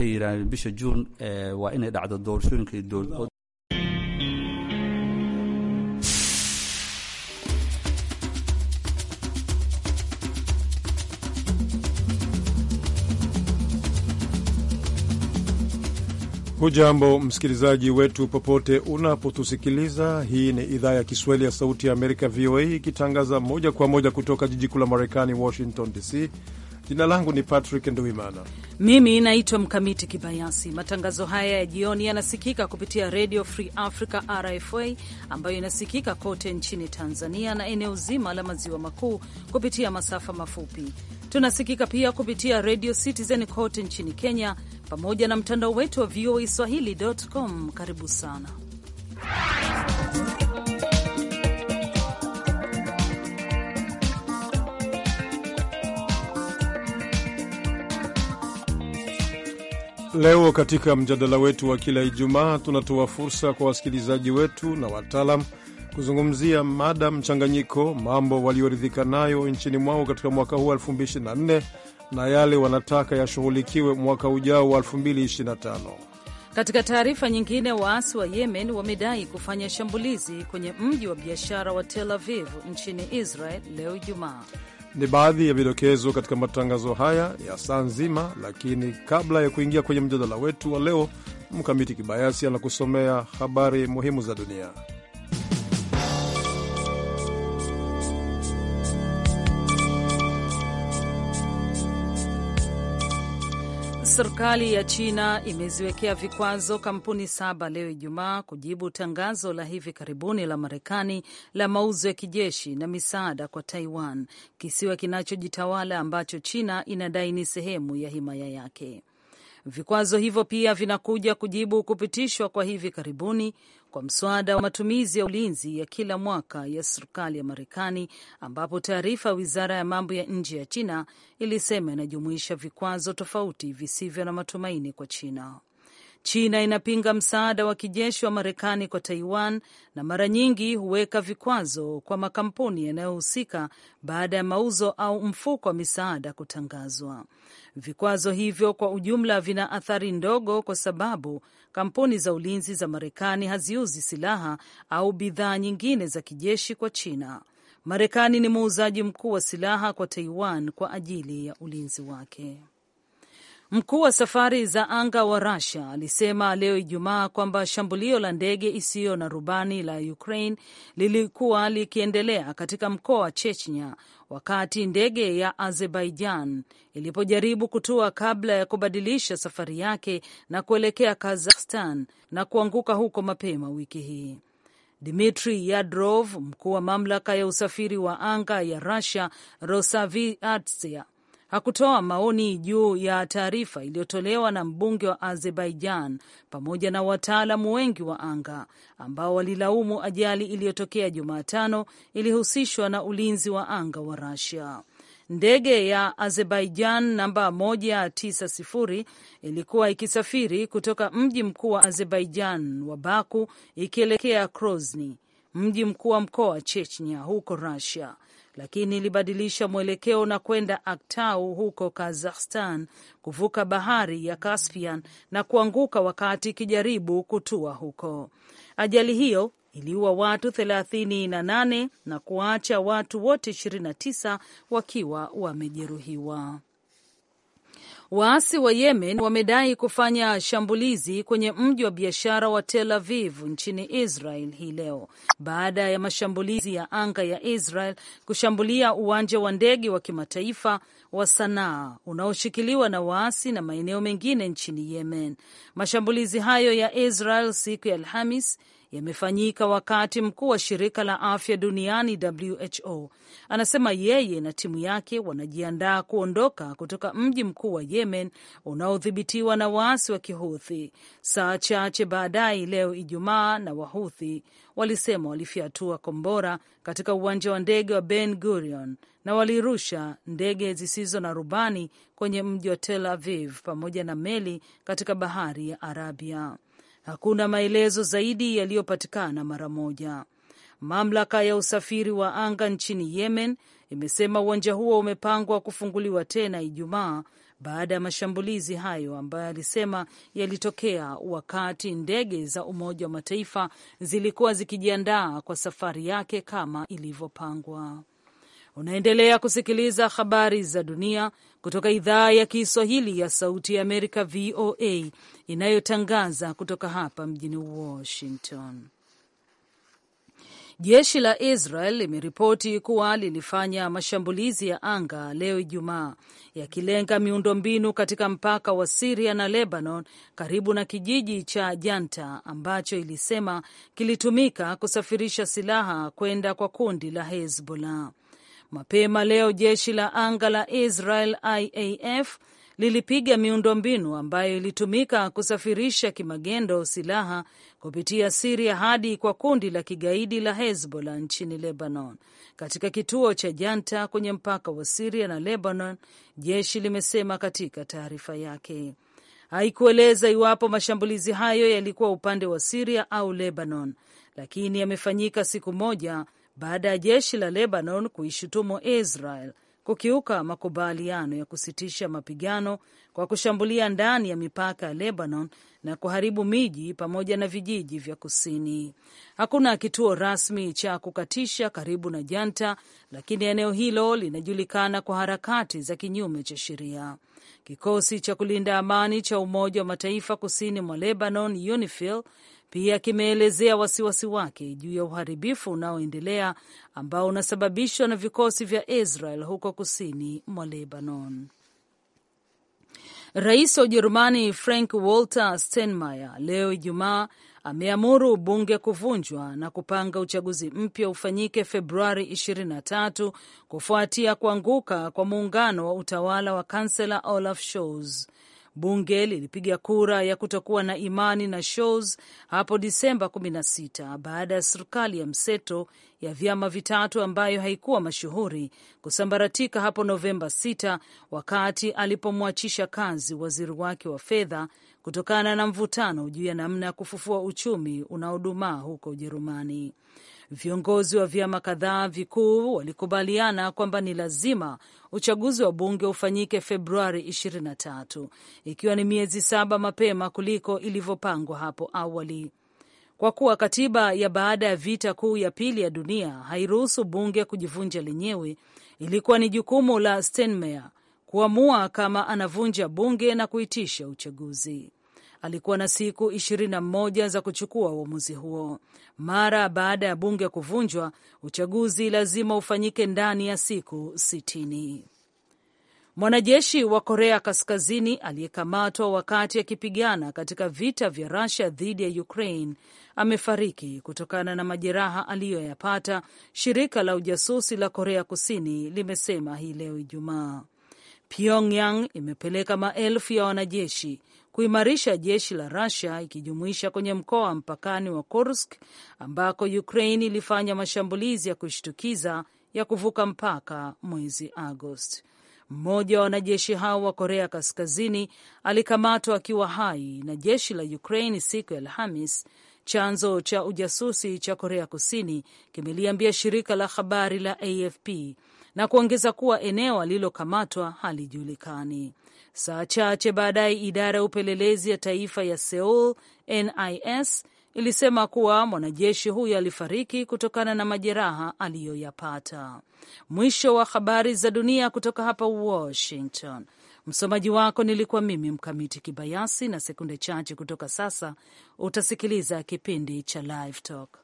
waxay yidhahdeen bisha juun ee, waa inay dhacdo doorashooyinka dowlad Hujambo msikilizaji wetu popote unapotusikiliza. Hii ni idhaa ya Kiswahili ya Sauti ya Amerika, VOA, ikitangaza moja kwa moja kutoka jiji kuu la Marekani, Washington DC. Jina langu ni Patrick Nduimana. Mimi naitwa Mkamiti Kibayasi. Matangazo haya ya jioni yanasikika kupitia Radio Free Africa, RFA, ambayo inasikika kote nchini Tanzania na eneo zima la maziwa makuu kupitia masafa mafupi. Tunasikika pia kupitia Radio Citizen kote nchini Kenya, pamoja na mtandao wetu wa VOA swahili.com. Karibu sana Leo katika mjadala wetu wa kila Ijumaa tunatoa fursa kwa wasikilizaji wetu na wataalam kuzungumzia mada mchanganyiko, mambo walioridhika nayo nchini mwao katika mwaka huu 2024 na yale wanataka yashughulikiwe mwaka ujao wa 2025. Katika taarifa nyingine, waasi wa Yemen wamedai kufanya shambulizi kwenye mji wa biashara wa Tel Aviv nchini Israel leo Ijumaa. Ni baadhi ya vidokezo katika matangazo haya ya saa nzima, lakini kabla ya kuingia kwenye mjadala wetu wa leo, Mkamiti Kibayasi anakusomea habari muhimu za dunia. Serikali ya China imeziwekea vikwazo kampuni saba leo Ijumaa kujibu tangazo la hivi karibuni la Marekani la mauzo ya kijeshi na misaada kwa Taiwan, kisiwa kinachojitawala ambacho China inadai ni sehemu ya himaya yake. Vikwazo hivyo pia vinakuja kujibu kupitishwa kwa hivi karibuni kwa mswada wa matumizi ya ulinzi ya kila mwaka ya serikali ya Marekani, ambapo taarifa ya wizara ya mambo ya nje ya China ilisema inajumuisha vikwazo tofauti visivyo na matumaini kwa China. China inapinga msaada wa kijeshi wa Marekani kwa Taiwan na mara nyingi huweka vikwazo kwa makampuni yanayohusika baada ya mauzo au mfuko wa misaada kutangazwa. Vikwazo hivyo kwa ujumla vina athari ndogo, kwa sababu kampuni za ulinzi za Marekani haziuzi silaha au bidhaa nyingine za kijeshi kwa China. Marekani ni muuzaji mkuu wa silaha kwa Taiwan kwa ajili ya ulinzi wake. Mkuu wa safari za anga wa rasia alisema leo Ijumaa kwamba shambulio la ndege isiyo na rubani la Ukraine lilikuwa likiendelea katika mkoa wa Chechnya wakati ndege ya Azerbaijan ilipojaribu kutua kabla ya kubadilisha safari yake na kuelekea Kazakhstan na kuanguka huko mapema wiki hii. Dmitri Yadrov, mkuu wa mamlaka ya usafiri wa anga ya Russia Rosaviatsia, hakutoa maoni juu ya taarifa iliyotolewa na mbunge wa Azerbaijan pamoja na wataalamu wengi wa anga ambao walilaumu ajali iliyotokea Jumatano ilihusishwa na ulinzi wa anga wa rasia Ndege ya Azerbaijan namba 190 ilikuwa ikisafiri kutoka mji mkuu wa Azerbaijan wa Baku ikielekea Grozny, mji mkuu wa mkoa wa Chechnya huko Russia lakini ilibadilisha mwelekeo na kwenda Aktau huko Kazakhstan, kuvuka bahari ya Caspian na kuanguka wakati ikijaribu kutua huko. Ajali hiyo iliua watu 38 na kuwaacha watu wote 29 wakiwa wamejeruhiwa. Waasi wa Yemen wamedai kufanya shambulizi kwenye mji wa biashara wa Tel Aviv nchini Israel hii leo baada ya mashambulizi ya anga ya Israel kushambulia uwanja wa ndege wa kimataifa wa Sanaa unaoshikiliwa na waasi na maeneo mengine nchini Yemen. Mashambulizi hayo ya Israel siku ya Alhamis yamefanyika wakati mkuu wa shirika la afya duniani WHO anasema yeye na timu yake wanajiandaa kuondoka kutoka mji mkuu wa Yemen unaodhibitiwa na waasi wa Kihuthi saa chache baadaye leo Ijumaa, na Wahuthi walisema walifyatua kombora katika uwanja wa ndege wa Ben Gurion na walirusha ndege zisizo na rubani kwenye mji wa Tel Aviv pamoja na meli katika bahari ya Arabia. Hakuna maelezo zaidi yaliyopatikana mara moja. Mamlaka ya usafiri wa anga nchini Yemen imesema uwanja huo umepangwa kufunguliwa tena Ijumaa baada ya mashambulizi hayo ambayo alisema yalitokea wakati ndege za Umoja wa Mataifa zilikuwa zikijiandaa kwa safari yake kama ilivyopangwa. Unaendelea kusikiliza habari za dunia kutoka idhaa ya Kiswahili ya Sauti ya Amerika, VOA, inayotangaza kutoka hapa mjini Washington. Jeshi la Israel limeripoti kuwa lilifanya mashambulizi ya anga leo Ijumaa yakilenga miundombinu katika mpaka wa Siria na Lebanon karibu na kijiji cha Janta ambacho ilisema kilitumika kusafirisha silaha kwenda kwa kundi la Hezbollah. Mapema leo jeshi la anga la Israel IAF lilipiga miundombinu ambayo ilitumika kusafirisha kimagendo silaha kupitia Siria hadi kwa kundi la kigaidi la Hezbollah nchini Lebanon. Katika kituo cha Janta kwenye mpaka wa Siria na Lebanon, jeshi limesema katika taarifa yake. Haikueleza iwapo mashambulizi hayo yalikuwa upande wa Siria au Lebanon, lakini yamefanyika siku moja baada ya jeshi la Lebanon kuishutumu Israel kukiuka makubaliano ya kusitisha mapigano kwa kushambulia ndani ya mipaka ya Lebanon na kuharibu miji pamoja na vijiji vya kusini. Hakuna kituo rasmi cha kukatisha karibu na Janta, lakini eneo hilo linajulikana kwa harakati za kinyume cha sheria. Kikosi cha kulinda amani cha Umoja wa Mataifa kusini mwa Lebanon, UNIFIL pia kimeelezea wasiwasi wake juu ya uharibifu unaoendelea ambao unasababishwa na vikosi vya Israel huko kusini mwa Lebanon. Rais wa Ujerumani Frank Walter Steinmeier leo Ijumaa ameamuru bunge kuvunjwa na kupanga uchaguzi mpya ufanyike Februari 23 kufuatia kuanguka kwa muungano wa utawala wa kansela Olaf Scholz. Bunge lilipiga kura ya kutokuwa na imani na Scholz hapo Disemba 16 baada ya serikali ya mseto ya vyama vitatu ambayo haikuwa mashuhuri kusambaratika hapo Novemba 6 wakati alipomwachisha kazi waziri wake wa fedha kutokana na mvutano juu ya namna ya kufufua uchumi unaodumaa huko Ujerumani. Viongozi wa vyama kadhaa vikuu walikubaliana kwamba ni lazima uchaguzi wa bunge ufanyike Februari 23 ikiwa ni miezi saba mapema kuliko ilivyopangwa hapo awali, kwa kuwa katiba ya baada ya vita kuu ya pili ya dunia hairuhusu bunge kujivunja lenyewe. Ilikuwa ni jukumu la Steinmeier kuamua kama anavunja bunge na kuitisha uchaguzi alikuwa na siku moja za kuchukua uamuzi huo. Mara baada ya bunge kuvunjwa, uchaguzi lazima ufanyike ndani ya siku sitini Mwanajeshi wa Korea Kaskazini aliyekamatwa wakati akipigana katika vita vya Rusia dhidi ya Ukraine amefariki kutokana na majeraha aliyoyapata, shirika la ujasusi la Korea Kusini limesema hii leo Ijumaa. Pyongyang imepeleka maelfu ya wanajeshi kuimarisha jeshi la rasia ikijumuisha kwenye mkoa wa mpakani wa Kursk ambako Ukraine ilifanya mashambulizi ya kushtukiza ya kuvuka mpaka mwezi Agosti. Mmoja wa wanajeshi hao wa Korea Kaskazini alikamatwa akiwa hai na jeshi la Ukraine siku ya Alhamis. Chanzo cha ujasusi cha Korea Kusini kimeliambia shirika la habari la AFP na kuongeza kuwa eneo alilokamatwa halijulikani. Saa chache baadaye, idara ya upelelezi ya taifa ya Seoul NIS ilisema kuwa mwanajeshi huyo alifariki kutokana na majeraha aliyoyapata. Mwisho wa habari za dunia kutoka hapa Washington. Msomaji wako nilikuwa mimi Mkamiti Kibayasi, na sekunde chache kutoka sasa utasikiliza kipindi cha Live Talk.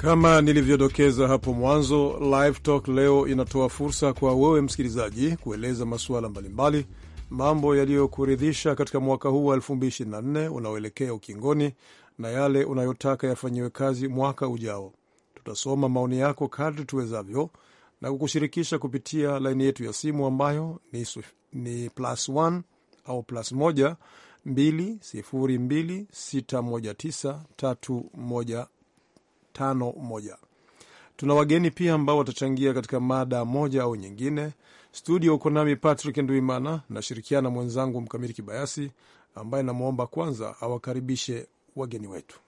Kama nilivyodokeza hapo mwanzo, Live Talk leo inatoa fursa kwa wewe msikilizaji kueleza masuala mbalimbali, mambo yaliyokuridhisha katika mwaka huu wa 2024 unaoelekea ukingoni na yale unayotaka yafanyiwe kazi mwaka ujao. Tutasoma maoni yako kadri tuwezavyo na kukushirikisha kupitia laini yetu ya simu ambayo ni, ni plus 1 au plus 1 202 619 4 Tuna wageni pia ambao watachangia katika mada moja au nyingine. Studio uko nami Patrick Nduimana, nashirikiana mwenzangu mkamiri Kibayasi ambaye namwomba kwanza awakaribishe wageni wetu.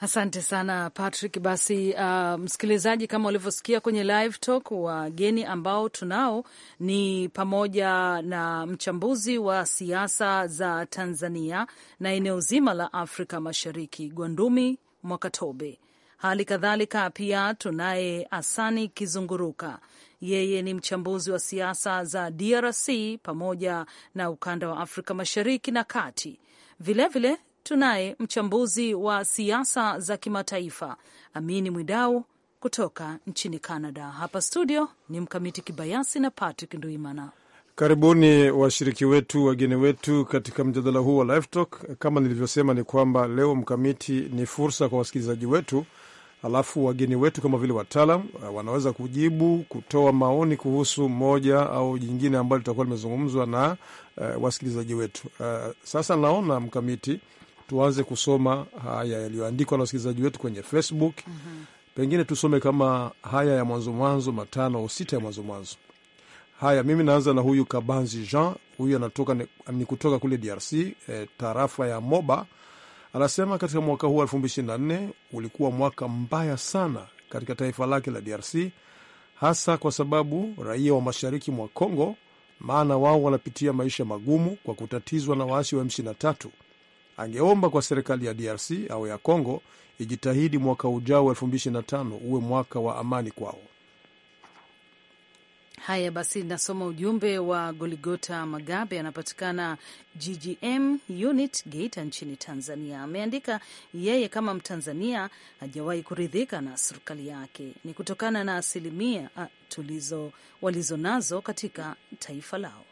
Asante sana Patrick. Basi uh, msikilizaji, kama ulivyosikia kwenye live talk, wageni ambao tunao ni pamoja na mchambuzi wa siasa za Tanzania na eneo zima la Afrika Mashariki, Gwandumi Mwakatobe. Hali kadhalika pia tunaye Asani Kizunguruka, yeye ni mchambuzi wa siasa za DRC pamoja na ukanda wa Afrika Mashariki na Kati. Vilevile vile, tunaye mchambuzi wa siasa za kimataifa Amini Mwidau kutoka nchini Canada. Hapa studio ni Mkamiti Kibayasi na Patrick Nduimana. Karibuni washiriki wetu, wageni wetu katika mjadala huu wa Live Talk. Kama nilivyosema, ni kwamba leo mkamiti ni fursa kwa wasikilizaji wetu, alafu wageni wetu kama vile wataalam uh, wanaweza kujibu, kutoa maoni kuhusu moja au jingine ambalo litakuwa limezungumzwa na uh, wasikilizaji wetu. Uh, sasa naona mkamiti, tuanze kusoma haya yaliyoandikwa na wasikilizaji wetu kwenye Facebook. mm -hmm. Pengine tusome kama haya ya mwanzo mwanzo, matano au sita ya mwanzo mwanzo Haya, mimi naanza na huyu Kabanzi Jean. Huyu anatoka ni kutoka kule DRC, eh, tarafa ya Moba. Anasema katika mwaka huu elfu mbili ishirini na nne ulikuwa mwaka mbaya sana katika taifa lake la DRC, hasa kwa sababu raia wa mashariki mwa Congo, maana wao wanapitia maisha magumu kwa kutatizwa na waasi wa M23. Angeomba kwa serikali ya DRC au ya Congo ijitahidi mwaka ujao elfu mbili ishirini na tano uwe mwaka wa amani kwao. Haya basi, nasoma ujumbe wa Goligota Magabe, anapatikana GGM unit Geita nchini Tanzania. Ameandika yeye kama Mtanzania hajawahi kuridhika na serikali yake, ni kutokana na asilimia ah, tulizo walizo nazo katika taifa lao.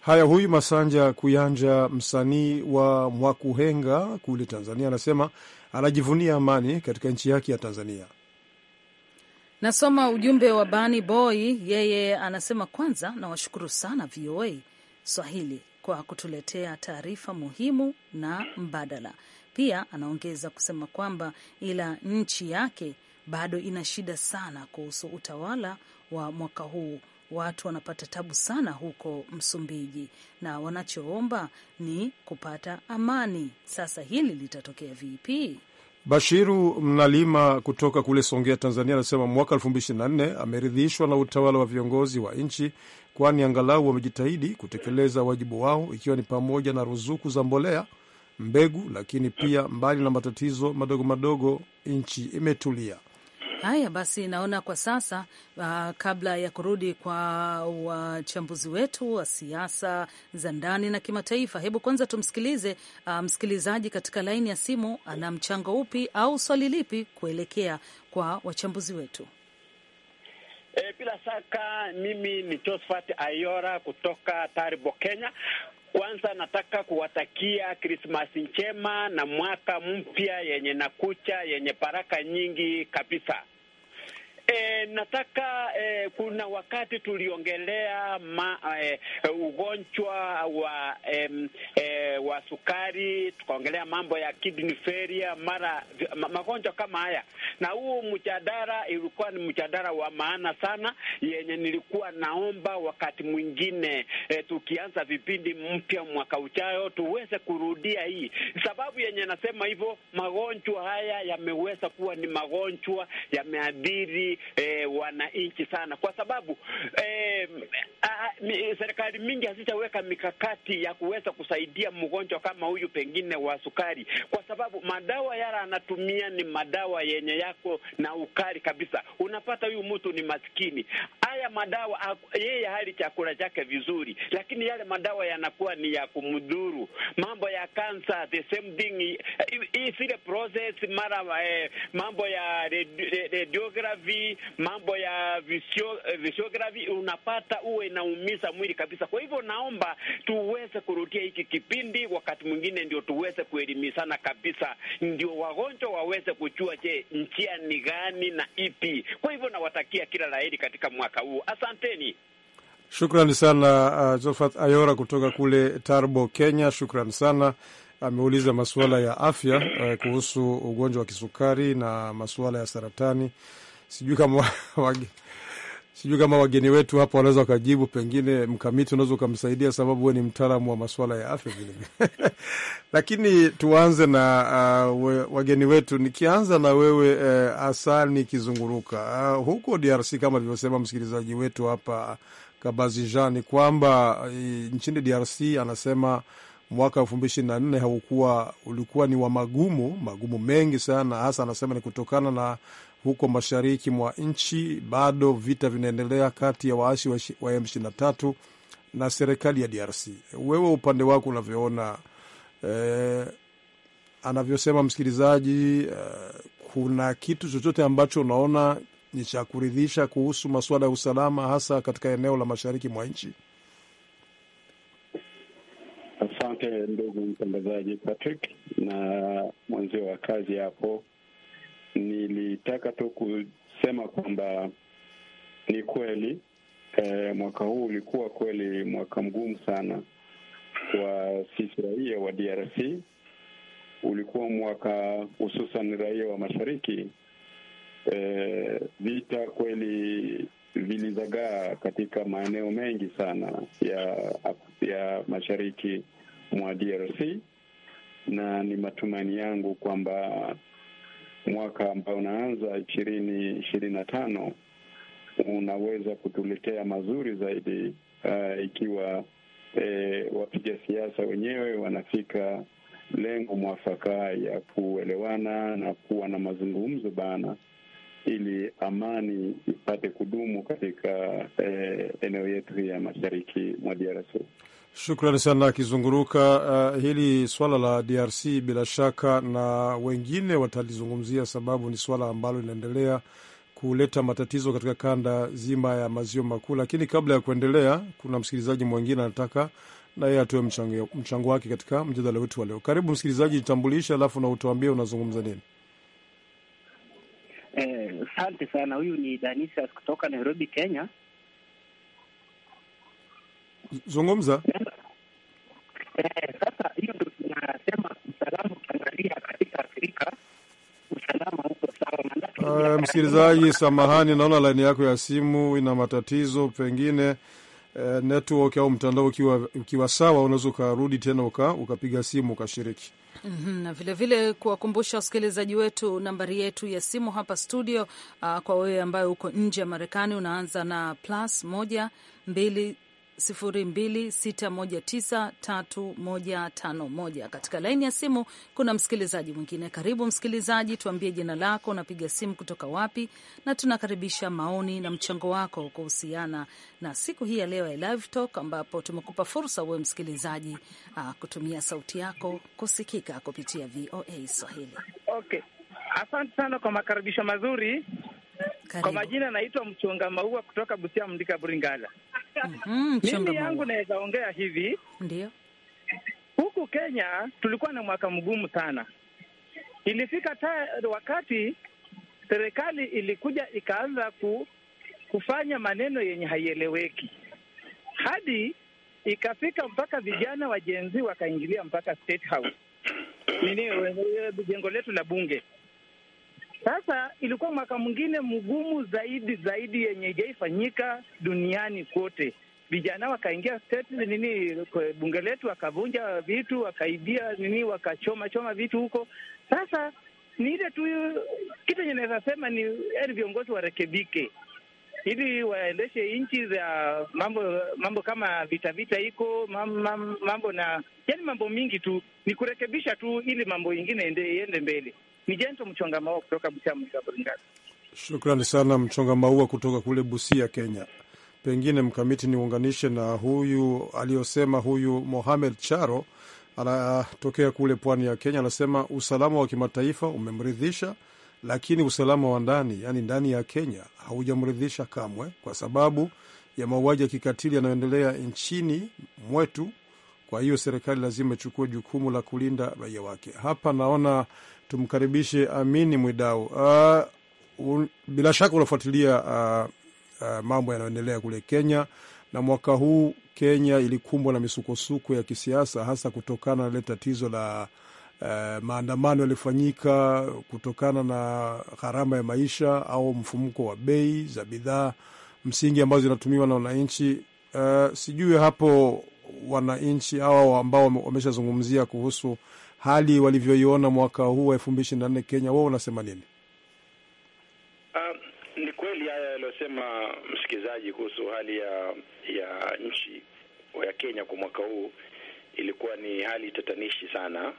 Haya, huyu Masanja Kuyanja, msanii wa Mwakuhenga kule Tanzania, anasema anajivunia amani katika nchi yake ya Tanzania. Nasoma ujumbe wa Bani Boy, yeye anasema kwanza, nawashukuru sana VOA Swahili kwa kutuletea taarifa muhimu na mbadala. Pia anaongeza kusema kwamba ila nchi yake bado ina shida sana kuhusu utawala wa mwaka huu. Watu wanapata tabu sana huko Msumbiji na wanachoomba ni kupata amani. Sasa hili litatokea vipi? Bashiru Mnalima kutoka kule Songea, Tanzania, anasema mwaka 2024 ameridhishwa na utawala wa viongozi wa nchi, kwani angalau wamejitahidi kutekeleza wajibu wao, ikiwa ni pamoja na ruzuku za mbolea, mbegu. Lakini pia mbali na matatizo madogo madogo, nchi imetulia. Haya basi, naona kwa sasa uh, kabla ya kurudi kwa wachambuzi wetu wa siasa za ndani na kimataifa, hebu kwanza tumsikilize uh, msikilizaji katika laini ya simu ana mchango upi au swali lipi kuelekea kwa wachambuzi wetu. E, bila shaka mimi ni Josephat Ayora kutoka Taribo, Kenya. Kwanza nataka kuwatakia Krismasi njema na mwaka mpya yenye nakucha yenye baraka nyingi kabisa. E, nataka e, kuna wakati tuliongelea ma, e, ugonjwa wa e, e, wa sukari, tukaongelea mambo ya kidney failure, mara magonjwa kama haya, na huu mjadala ilikuwa ni mjadala wa maana sana, yenye nilikuwa naomba wakati mwingine e, tukianza vipindi mpya mwaka ujayo tuweze kurudia hii. Sababu yenye nasema hivyo, magonjwa haya yameweza kuwa ni magonjwa yameadhiri e, wananchi sana, kwa sababu e, serikali mingi hazitaweka mikakati ya kuweza kusaidia mgonjwa kama huyu pengine wa sukari, kwa sababu madawa yale anatumia ni madawa yenye yako na ukali kabisa. Unapata huyu mtu ni maskini, haya madawa yeye hali chakula chake vizuri, lakini yale madawa yanakuwa ni ya kumdhuru. Mambo ya kansa the same thing, zile process mara eh, mambo ya radiography mambo ya vishogravi, eh, unapata uwe inaumiza mwili kabisa. Kwa hivyo naomba tuweze kurudia hiki kipindi, wakati mwingine ndio tuweze kuelimisana kabisa, ndio wagonjwa waweze kujua, je, njia ni gani na ipi. Kwa hivyo nawatakia kila laheri katika mwaka huu, asanteni. Shukrani sana uh, Zofat Ayora kutoka kule Tarbo, Kenya. Shukrani sana. Ameuliza masuala ya afya uh, kuhusu ugonjwa wa kisukari na masuala ya saratani sijui kama wage, sijui kama wageni wetu hapa wanaweza wakajibu. Pengine mkamiti unaweza ukamsaidia, sababu huwe ni mtaalamu wa masuala ya afya vilevile lakini tuanze na uh, we, wageni wetu, nikianza na wewe uh, Asani Kizunguruka uh, huko DRC kama alivyosema msikilizaji wetu hapa uh, Kabazi Kabazijan ni kwamba uh, nchini DRC anasema mwaka elfu mbili ishirini na nne haukuwa ulikuwa ni wa magumu magumu mengi sana, hasa anasema ni kutokana na huko mashariki mwa nchi, bado vita vinaendelea kati ya waasi wa M23 na serikali ya DRC. Wewe upande wako unavyoona, eh, anavyosema msikilizaji eh, kuna kitu chochote ambacho unaona ni cha kuridhisha kuhusu masuala ya usalama hasa katika eneo la mashariki mwa nchi? Asante ndugu mtangazaji Patrick na mwenzio wa kazi hapo nilitaka tu kusema kwamba ni kweli e, mwaka huu ulikuwa kweli mwaka mgumu sana kwa sisi raia wa DRC. Ulikuwa mwaka hususan raia wa mashariki e, vita kweli vilizagaa katika maeneo mengi sana ya ya mashariki mwa DRC na ni matumaini yangu kwamba mwaka ambao unaanza ishirini ishirini na tano unaweza kutuletea mazuri zaidi uh, ikiwa E, wapiga siasa wenyewe wanafika lengo mwafaka ya kuelewana na kuwa na mazungumzo bana, ili amani ipate kudumu katika e, eneo yetu hii ya mashariki mwa DRC. Shukrani sana Kizunguruka. Uh, hili swala la DRC bila shaka na wengine watalizungumzia, sababu ni swala ambalo linaendelea kuleta matatizo katika kanda zima ya maziwa makuu. Lakini kabla ya kuendelea, kuna msikilizaji mwingine anataka na yeye atoe mchango wake katika mjadala wetu wa leo. Karibu msikilizaji, jitambulishe, alafu na utuambie unazungumza nini. Eh, asante eh, sana. Huyu ni Danisas kutoka Nairobi, Kenya. Zungumza. Eh, sasa hiyo tunasema usalama, ukiangalia katika Afrika usalama huko sawa, manake eh, msikilizaji, samahani, naona laini yako ya simu ina matatizo, pengine uh, network au mtandao ukiwa, ukiwa sawa, unaweza ukarudi tena uka, ukapiga simu ukashiriki mhm, na vilevile kuwakumbusha wasikilizaji wetu nambari yetu ya simu hapa studio. Uh, kwa wewe ambaye uko nje ya Marekani unaanza na plus moja mbili 026193151. Katika laini ya simu kuna msikilizaji mwingine. Karibu msikilizaji, tuambie jina lako, unapiga simu kutoka wapi, na tunakaribisha maoni na mchango wako kuhusiana na siku hii ya leo ya Live Talk, ambapo tumekupa fursa uwe msikilizaji ah, kutumia sauti yako kusikika kupitia VOA Swahili. Okay, asante sana kwa makaribisho mazuri karibu. Kwa majina naitwa Mchonga Maua kutoka Busia Mndika Buringala. Mm, mimi yangu naweza ongea hivi. Ndio. Huku Kenya tulikuwa na mwaka mgumu sana. Ilifika ta wakati serikali ilikuja ikaanza ku, kufanya maneno yenye haieleweki hadi ikafika mpaka vijana wa jenzi wakaingilia mpaka State House nini jengo letu la bunge sasa ilikuwa mwaka mwingine mgumu zaidi zaidi yenye ijaifanyika duniani kote. Vijana wakaingia state nini, bunge letu wakavunja vitu, wakaibia nini, wakachoma choma vitu huko. Sasa ni ile tu kitu enye naweza sema ni yani, viongozi warekebike ili waendeshe nchi za mambo mambo kama vita vita iko mambo na yani mambo mingi tu ni kurekebisha tu, ili mambo ingine iende mbele. Ni Jento Mchonga Maua kutoka Busia Bringazi. Shukrani sana Mchonga Maua kutoka kule Busia, Kenya. Pengine mkamiti niunganishe na huyu aliyosema huyu Mohamed Charo anatokea kule pwani ya Kenya, anasema usalama wa kimataifa umemridhisha, lakini usalama wa ndani, yani ndani ya Kenya, haujamridhisha kamwe, kwa sababu ya mauaji ya kikatili yanayoendelea nchini mwetu. Kwa hiyo serikali lazima ichukue jukumu la kulinda raia wake. Hapa naona Tumkaribishe Amini Mwidau. Uh, ah, un, bila shaka unafuatilia uh, uh, mambo yanayoendelea kule Kenya na mwaka huu Kenya ilikumbwa na misukosuko ya kisiasa, hasa kutokana na ile tatizo la uh, maandamano yaliyofanyika kutokana na gharama ya maisha au mfumuko wa bei za bidhaa msingi ambazo zinatumiwa na wananchi. Uh, sijui hapo wananchi hawa ambao wameshazungumzia kuhusu hali walivyoiona mwaka huu wa elfu mbili ishirini na nne Kenya, wao unasema nini? Um, ni kweli haya yaliyosema msikilizaji kuhusu hali ya ya nchi ya Kenya kwa mwaka huu ilikuwa ni hali tatanishi sana,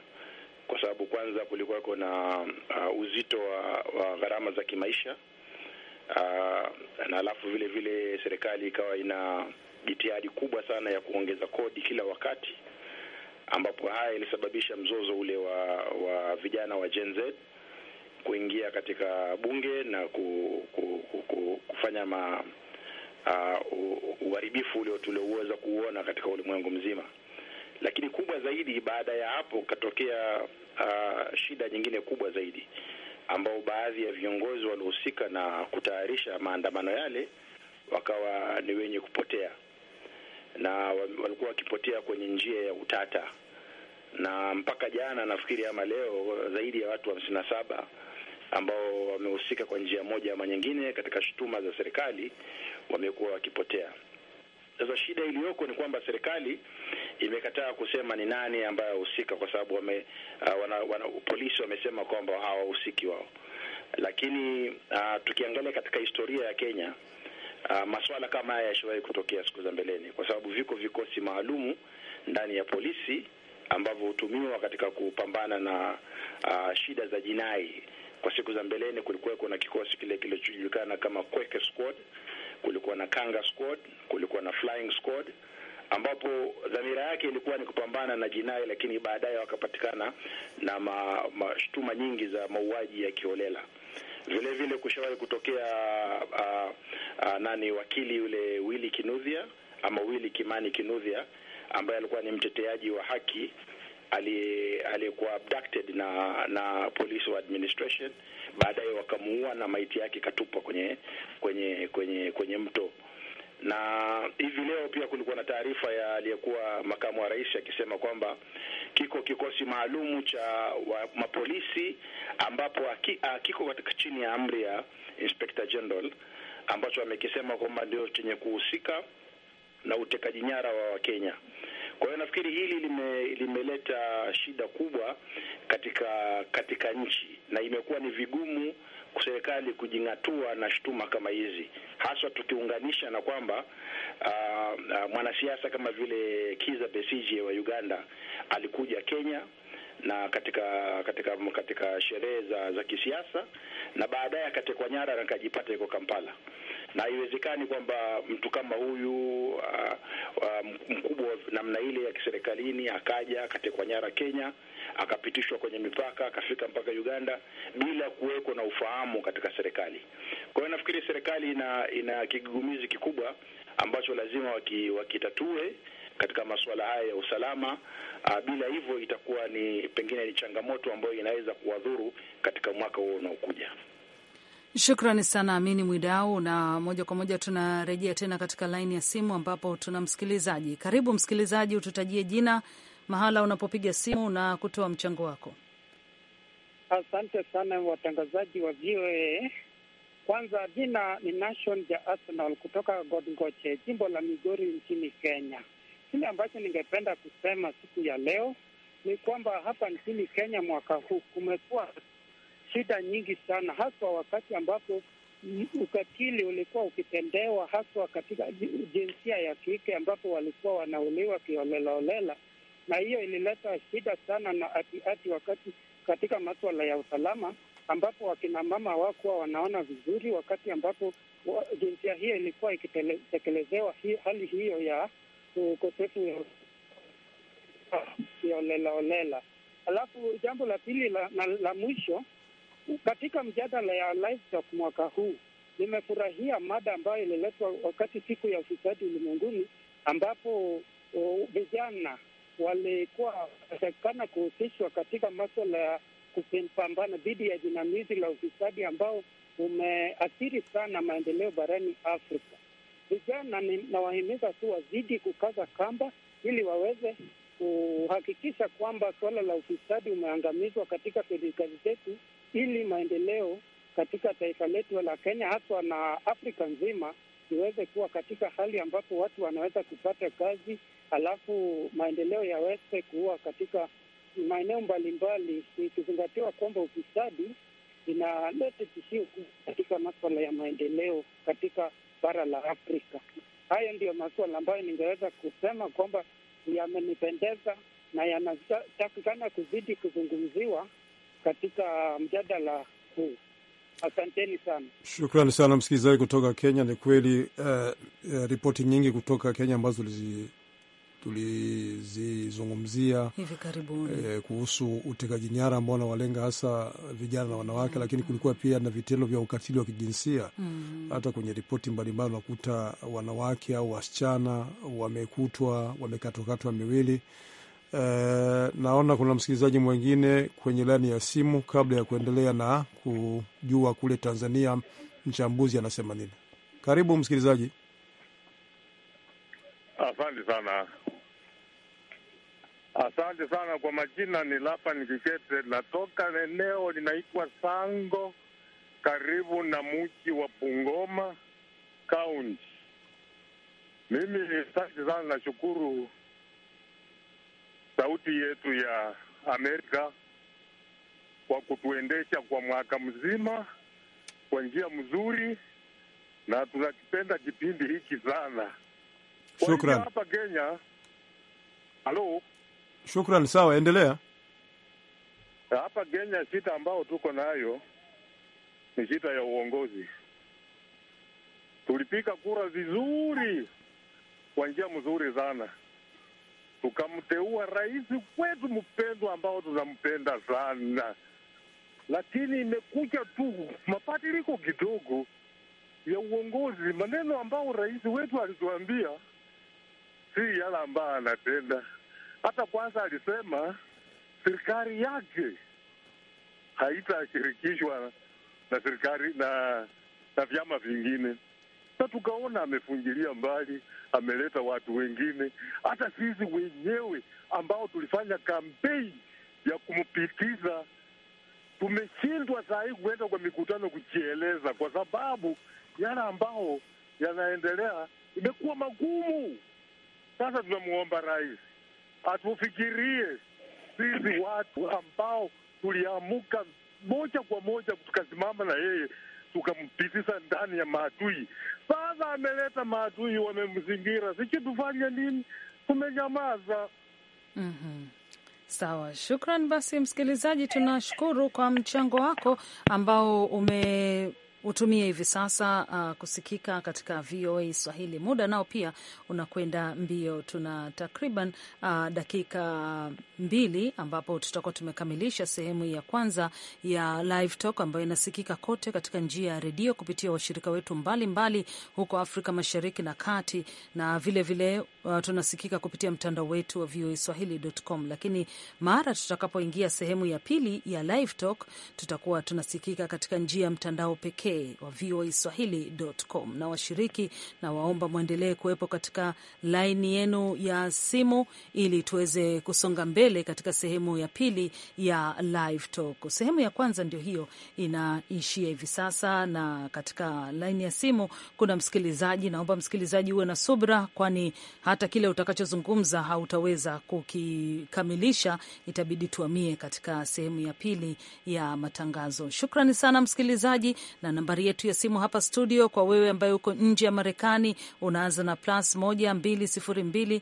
kwa sababu kwanza kulikuwako na uh, uzito wa, wa gharama za kimaisha uh, na alafu vile vile serikali ikawa ina jitihadi kubwa sana ya kuongeza kodi kila wakati ambapo haya ilisababisha mzozo ule wa, wa vijana wa Gen Z kuingia katika bunge na ku, ku, ku, ku, kufanya ma uharibifu uh, ule tulioweza kuona katika ulimwengu mzima. Lakini kubwa zaidi, baada ya hapo katokea uh, shida nyingine kubwa zaidi, ambao baadhi ya viongozi waliohusika na kutayarisha maandamano yale wakawa ni wenye kupotea na walikuwa wakipotea kwenye njia ya utata, na mpaka jana nafikiri ama leo zaidi ya watu hamsini na saba ambao wamehusika kwa njia moja ama nyingine katika shutuma za serikali wamekuwa wakipotea. Sasa shida iliyoko ni kwamba serikali imekataa kusema ni nani ambaye wahusika, kwa sababu wame, uh, wana, wana, polisi wamesema kwamba hawahusiki wao, lakini uh, tukiangalia katika historia ya Kenya Uh, ah, masuala kama haya yashawahi kutokea siku za mbeleni, kwa sababu viko vikosi maalumu ndani ya polisi ambavyo hutumiwa katika kupambana na uh, shida za jinai. Kwa siku za mbeleni kulikuwa na kikosi kile kilichojulikana kama Quake Squad, kulikuwa na Kanga Squad, kulikuwa na Flying Squad ambapo dhamira yake ilikuwa ni kupambana na jinai, lakini baadaye wakapatikana na mashtuma ma nyingi za mauaji ya kiolela. Vile vile kushawahi kutokea a, ah, a, ah, nani wakili yule Willy kinudhia ama Willy Kimani kinudhia ambaye alikuwa ni mteteaji wa haki aliyekuwa abducted na na police wa administration, baadaye wakamuua na maiti yake katupwa kwenye kwenye kwenye kwenye mto na hivi leo pia kulikuwa na taarifa ya aliyekuwa makamu wa rais akisema kwamba kiko kikosi maalumu cha mapolisi ambapo ah, kiko katika chini ya amri ya Inspector General ambacho amekisema kwamba ndio chenye kuhusika na utekaji nyara wa Wakenya. Kwa hiyo nafikiri hili lime, limeleta shida kubwa katika katika nchi na imekuwa ni vigumu serikali kujing'atua na shutuma kama hizi, haswa tukiunganisha na kwamba uh, uh, mwanasiasa kama vile Kiza Besije wa Uganda alikuja Kenya na katika katika katika sherehe za, za kisiasa na baadaye akatekwa nyara na akajipata yuko Kampala na haiwezekani kwamba mtu kama huyu uh, uh, mkubwa namna ile ya kiserikalini akaja akatekwa nyara Kenya akapitishwa kwenye mipaka akafika mpaka Uganda bila kuwekwa na ufahamu katika serikali. Kwa hiyo nafikiri serikali ina ina kigugumizi kikubwa ambacho lazima waki, wakitatue katika masuala haya ya usalama. Uh, bila hivyo itakuwa ni pengine ni changamoto ambayo inaweza kuwadhuru katika mwaka huo unaokuja. Shukrani sana Amini Mwidau, na moja kwa moja tunarejea tena katika laini ya simu ambapo tuna msikilizaji. Karibu msikilizaji, ututajie jina, mahala unapopiga simu na kutoa mchango wako. Asante sana watangazaji wa VOA. Kwanza jina ni Nation ja Arsenal kutoka Godgoche, jimbo la Migori nchini Kenya. Kile ambacho ningependa kusema siku ya leo ni kwamba hapa nchini Kenya mwaka huu kumekuwa shida nyingi sana, haswa wakati ambapo ukatili ulikuwa ukitendewa haswa katika jinsia ya kike, ambapo walikuwa wanauliwa kiolelaolela, na hiyo ilileta shida sana na atiati ati wakati katika maswala ya usalama, ambapo wakina mama hawakuwa wanaona vizuri, wakati ambapo wa, jinsia hiyo ilikuwa ikitekelezewa hi, hali hiyo ya ukosefu ya kiolelaolela. Alafu jambo la pili la, la, la mwisho katika mjadala ya livestock mwaka huu nimefurahia mada ambayo ililetwa wakati siku ya ufisadi ulimwenguni, ambapo vijana walikuwa wanatakikana kuhusishwa katika maswala ya kupambana dhidi ya jinamizi la ufisadi ambao umeathiri sana maendeleo barani Afrika. Vijana nawahimiza tu wazidi kukaza kamba ili waweze kuhakikisha kwamba suala la ufisadi umeangamizwa katika serikali zetu ili maendeleo katika taifa letu la Kenya haswa na Afrika nzima iweze kuwa katika hali ambapo watu wanaweza kupata kazi, alafu maendeleo yaweze kuwa katika maeneo mbalimbali, ikizingatiwa kwamba ufisadi inaleta tishio katika maswala ya maendeleo katika bara la Afrika. Hayo ndiyo maswala ambayo ningeweza kusema kwamba yamenipendeza na yanatakikana kuzidi kuzungumziwa katika mjadala huu. Asanteni sana, shukrani sana msikilizaji kutoka Kenya. Ni kweli uh, uh, ripoti nyingi kutoka Kenya ambazo tulizizungumzia hivi karibuni eh, kuhusu utekaji nyara ambao wanawalenga hasa vijana na wanawake mm, lakini kulikuwa pia na vitendo vya ukatili wa kijinsia mm. Hata kwenye ripoti mbalimbali unakuta wanawake au wasichana wamekutwa wamekatwakatwa miwili Eh, naona kuna msikilizaji mwingine kwenye laini ya simu. Kabla ya kuendelea na kujua kule Tanzania mchambuzi anasema nini, karibu msikilizaji. Asante sana, asante sana kwa majina. Ni Lapan Kikete, natoka eneo linaitwa Sango karibu na mji wa Bungoma kaunti. Mimi asante sana, nashukuru sauti yetu ya Amerika kwa kutuendesha kwa mwaka mzima kwa njia mzuri, na tunakipenda kipindi hiki sana. Shukrani Hapa Kenya. Halo. Shukran, sawa, endelea. Hapa Kenya shida ambayo tuko nayo ni shida ya uongozi. Tulipiga kura vizuri kwa njia mzuri sana tukamteua rais wetu mpendwa ambao tunampenda sana, lakini imekuja tu mabadiliko kidogo ya uongozi. Maneno ambao rais wetu alituambia si yale ambayo anatenda. Hata kwanza alisema serikali yake haitashirikishwa na serikali na na vyama vingine. Sasa tukaona amefungilia mbali, ameleta watu wengine, hata sisi wenyewe ambao tulifanya kampeni ya kumpitiza tumeshindwa saa hii kuenda kwa mikutano kujieleza, kwa sababu yale ambao yanaendelea imekuwa magumu. Sasa tunamwomba rais atufikirie sisi watu ambao tuliamuka moja kwa moja tukasimama na yeye tukampitisha ndani ya maadui. Sasa ameleta maadui, wamemzingira, sisi tufanye nini? Tumenyamaza. mm -hmm. Sawa, shukran. Basi msikilizaji, tunashukuru kwa mchango wako ambao umeutumia hivi sasa uh, kusikika katika VOA Swahili. Muda nao pia unakwenda mbio, tuna takriban uh, dakika mbili ambapo tutakuwa tumekamilisha sehemu ya kwanza ya live talk ambayo inasikika kote katika njia ya redio kupitia washirika wetu mbalimbali mbali, huko Afrika Mashariki na Kati na vilevile vile, uh, tunasikika kupitia mtandao wetu wa voaswahili.com, lakini mara tutakapoingia sehemu ya pili ya live talk tutakuwa tunasikika katika njia ya mtandao pekee wa voaswahili.com, na washiriki na waomba mwendelee kuwepo katika laini yenu ya simu ili tuweze kusonga mbele mbele katika sehemu ya pili ya live talk. Sehemu ya kwanza ndio hiyo inaishia hivi sasa, na katika laini ya simu kuna msikilizaji. Naomba msikilizaji uwe na subra, kwani hata kile utakachozungumza hautaweza kukikamilisha, itabidi tuamie katika sehemu ya pili ya matangazo. Shukrani sana msikilizaji, na nambari yetu ya simu hapa studio kwa wewe ambaye uko nje ya Marekani unaanza na plus 1 202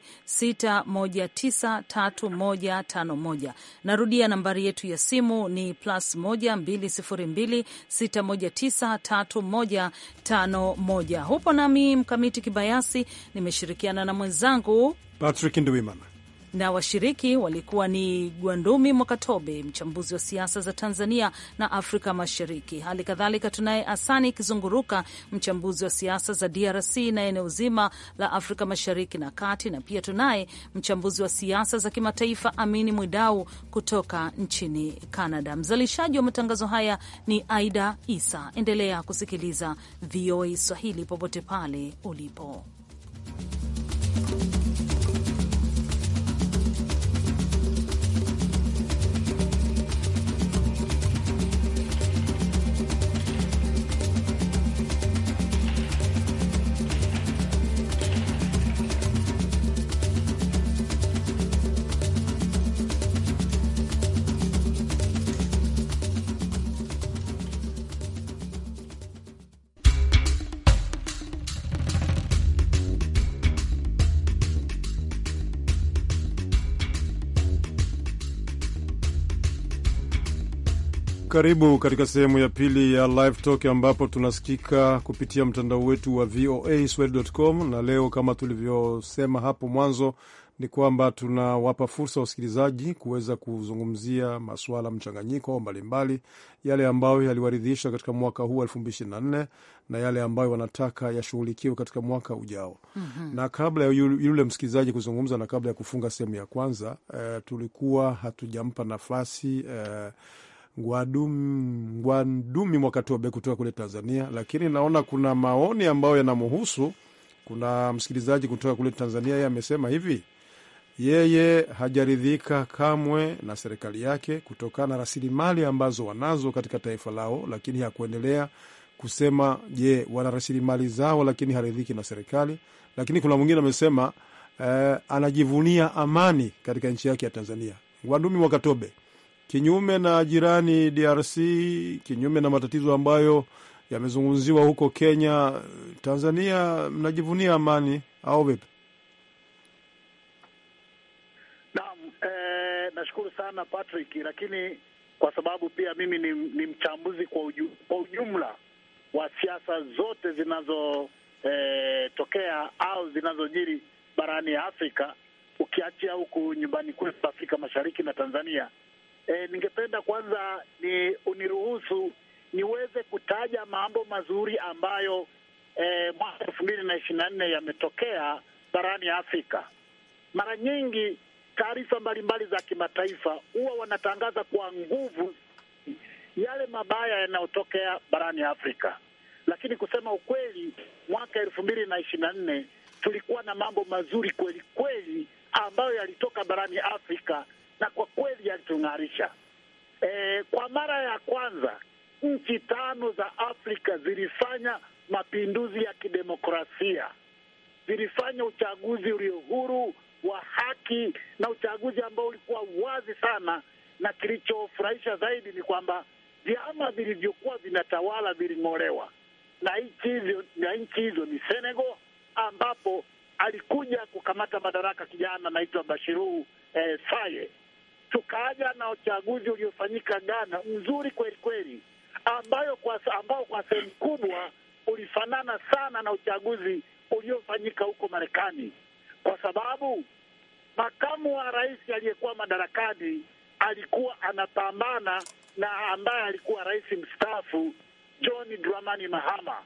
619 moja 9751. Narudia nambari yetu ya simu ni plus 1 202 Hupo nami Mkamiti Kibayasi nimeshirikiana na mwenzangu Patrick Ndwimana na washiriki walikuwa ni Gwandumi Mwakatobe, mchambuzi wa siasa za Tanzania na Afrika Mashariki. Hali kadhalika tunaye Asani Kizunguruka, mchambuzi wa siasa za DRC na eneo zima la Afrika Mashariki na Kati, na pia tunaye mchambuzi wa siasa za kimataifa Amini Mwidau kutoka nchini Canada. Mzalishaji wa matangazo haya ni Aida Isa. Endelea kusikiliza VOA Swahili popote pale ulipo. Karibu katika sehemu ya pili ya Live Talk ambapo tunasikika kupitia mtandao wetu wa VOA swahili.com, na leo kama tulivyosema hapo mwanzo ni kwamba tunawapa fursa wasikilizaji kuweza kuzungumzia masuala mchanganyiko mbalimbali, yale ambayo yaliwaridhisha katika mwaka huu elfu mbili ishirini na nne na yale ambayo wanataka yashughulikiwe katika mwaka ujao. mm -hmm. Na kabla ya yule msikilizaji kuzungumza na kabla ya kufunga sehemu ya kwanza, eh, tulikuwa hatujampa nafasi eh, Ngwadumi, Mwakatobe kutoka kule Tanzania, lakini naona kuna maoni ambayo yanamhusu. Kuna msikilizaji kutoka kule Tanzania, yeye amesema hivi, yeye hajaridhika kamwe na serikali yake kutokana na rasilimali ambazo wanazo katika taifa lao, lakini hakuendelea kusema je, wana rasilimali zao, lakini haridhiki na serikali. Lakini kuna mwingine amesema eh, anajivunia amani katika nchi yake ya Tanzania. Ngwadumi Mwakatobe kinyume na jirani DRC, kinyume na matatizo ambayo yamezungumziwa huko Kenya, Tanzania mnajivunia amani au vipi? Naam, eh, nashukuru sana Patrick, lakini kwa sababu pia mimi ni, ni mchambuzi kwa, uju, kwa ujumla wa siasa zote zinazotokea eh, au zinazojiri barani ya Afrika, ukiachia huku nyumbani kwetu Afrika Mashariki na Tanzania e, ningependa kwanza ni uniruhusu niweze kutaja mambo mazuri ambayo e, mwaka elfu mbili na ishirini na nne yametokea barani Afrika. Mara nyingi taarifa mbalimbali za kimataifa huwa wanatangaza kwa nguvu yale mabaya yanayotokea barani Afrika, lakini kusema ukweli, mwaka elfu mbili na ishirini na nne tulikuwa na mambo mazuri kweli kweli ambayo yalitoka barani Afrika na kwa kweli yalitung'arisha. E, kwa mara ya kwanza nchi tano za Afrika zilifanya mapinduzi ya kidemokrasia, zilifanya uchaguzi ulio huru wa haki na uchaguzi ambao ulikuwa wazi sana, na kilichofurahisha zaidi ni kwamba vyama vilivyokuwa vinatawala viling'olewa, na nchi hizo na nchi hizo ni Senegal, ambapo alikuja kukamata madaraka kijana anaitwa Bashiru eh, Faye tukaja na uchaguzi uliofanyika Ghana mzuri kweli kweli, ambayo kwa ambao kwa sehemu kubwa ulifanana sana na uchaguzi uliofanyika huko Marekani, kwa sababu makamu wa rais aliyekuwa madarakani alikuwa anapambana na ambaye alikuwa rais mstaafu John Dramani Mahama,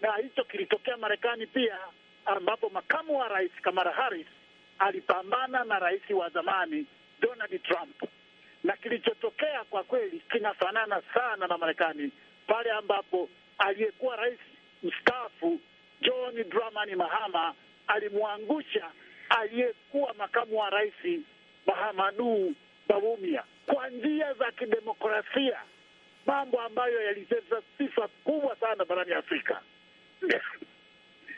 na hicho kilitokea Marekani pia, ambapo makamu wa rais Kamala Harris alipambana na rais wa zamani Donald Trump, na kilichotokea kwa kweli kinafanana sana na Marekani pale ambapo aliyekuwa rais mstaafu John Dramani Mahama alimwangusha aliyekuwa makamu wa rais Mahamadu Bawumia kwa njia za kidemokrasia, mambo ambayo yalicheza sifa kubwa sana barani Afrika.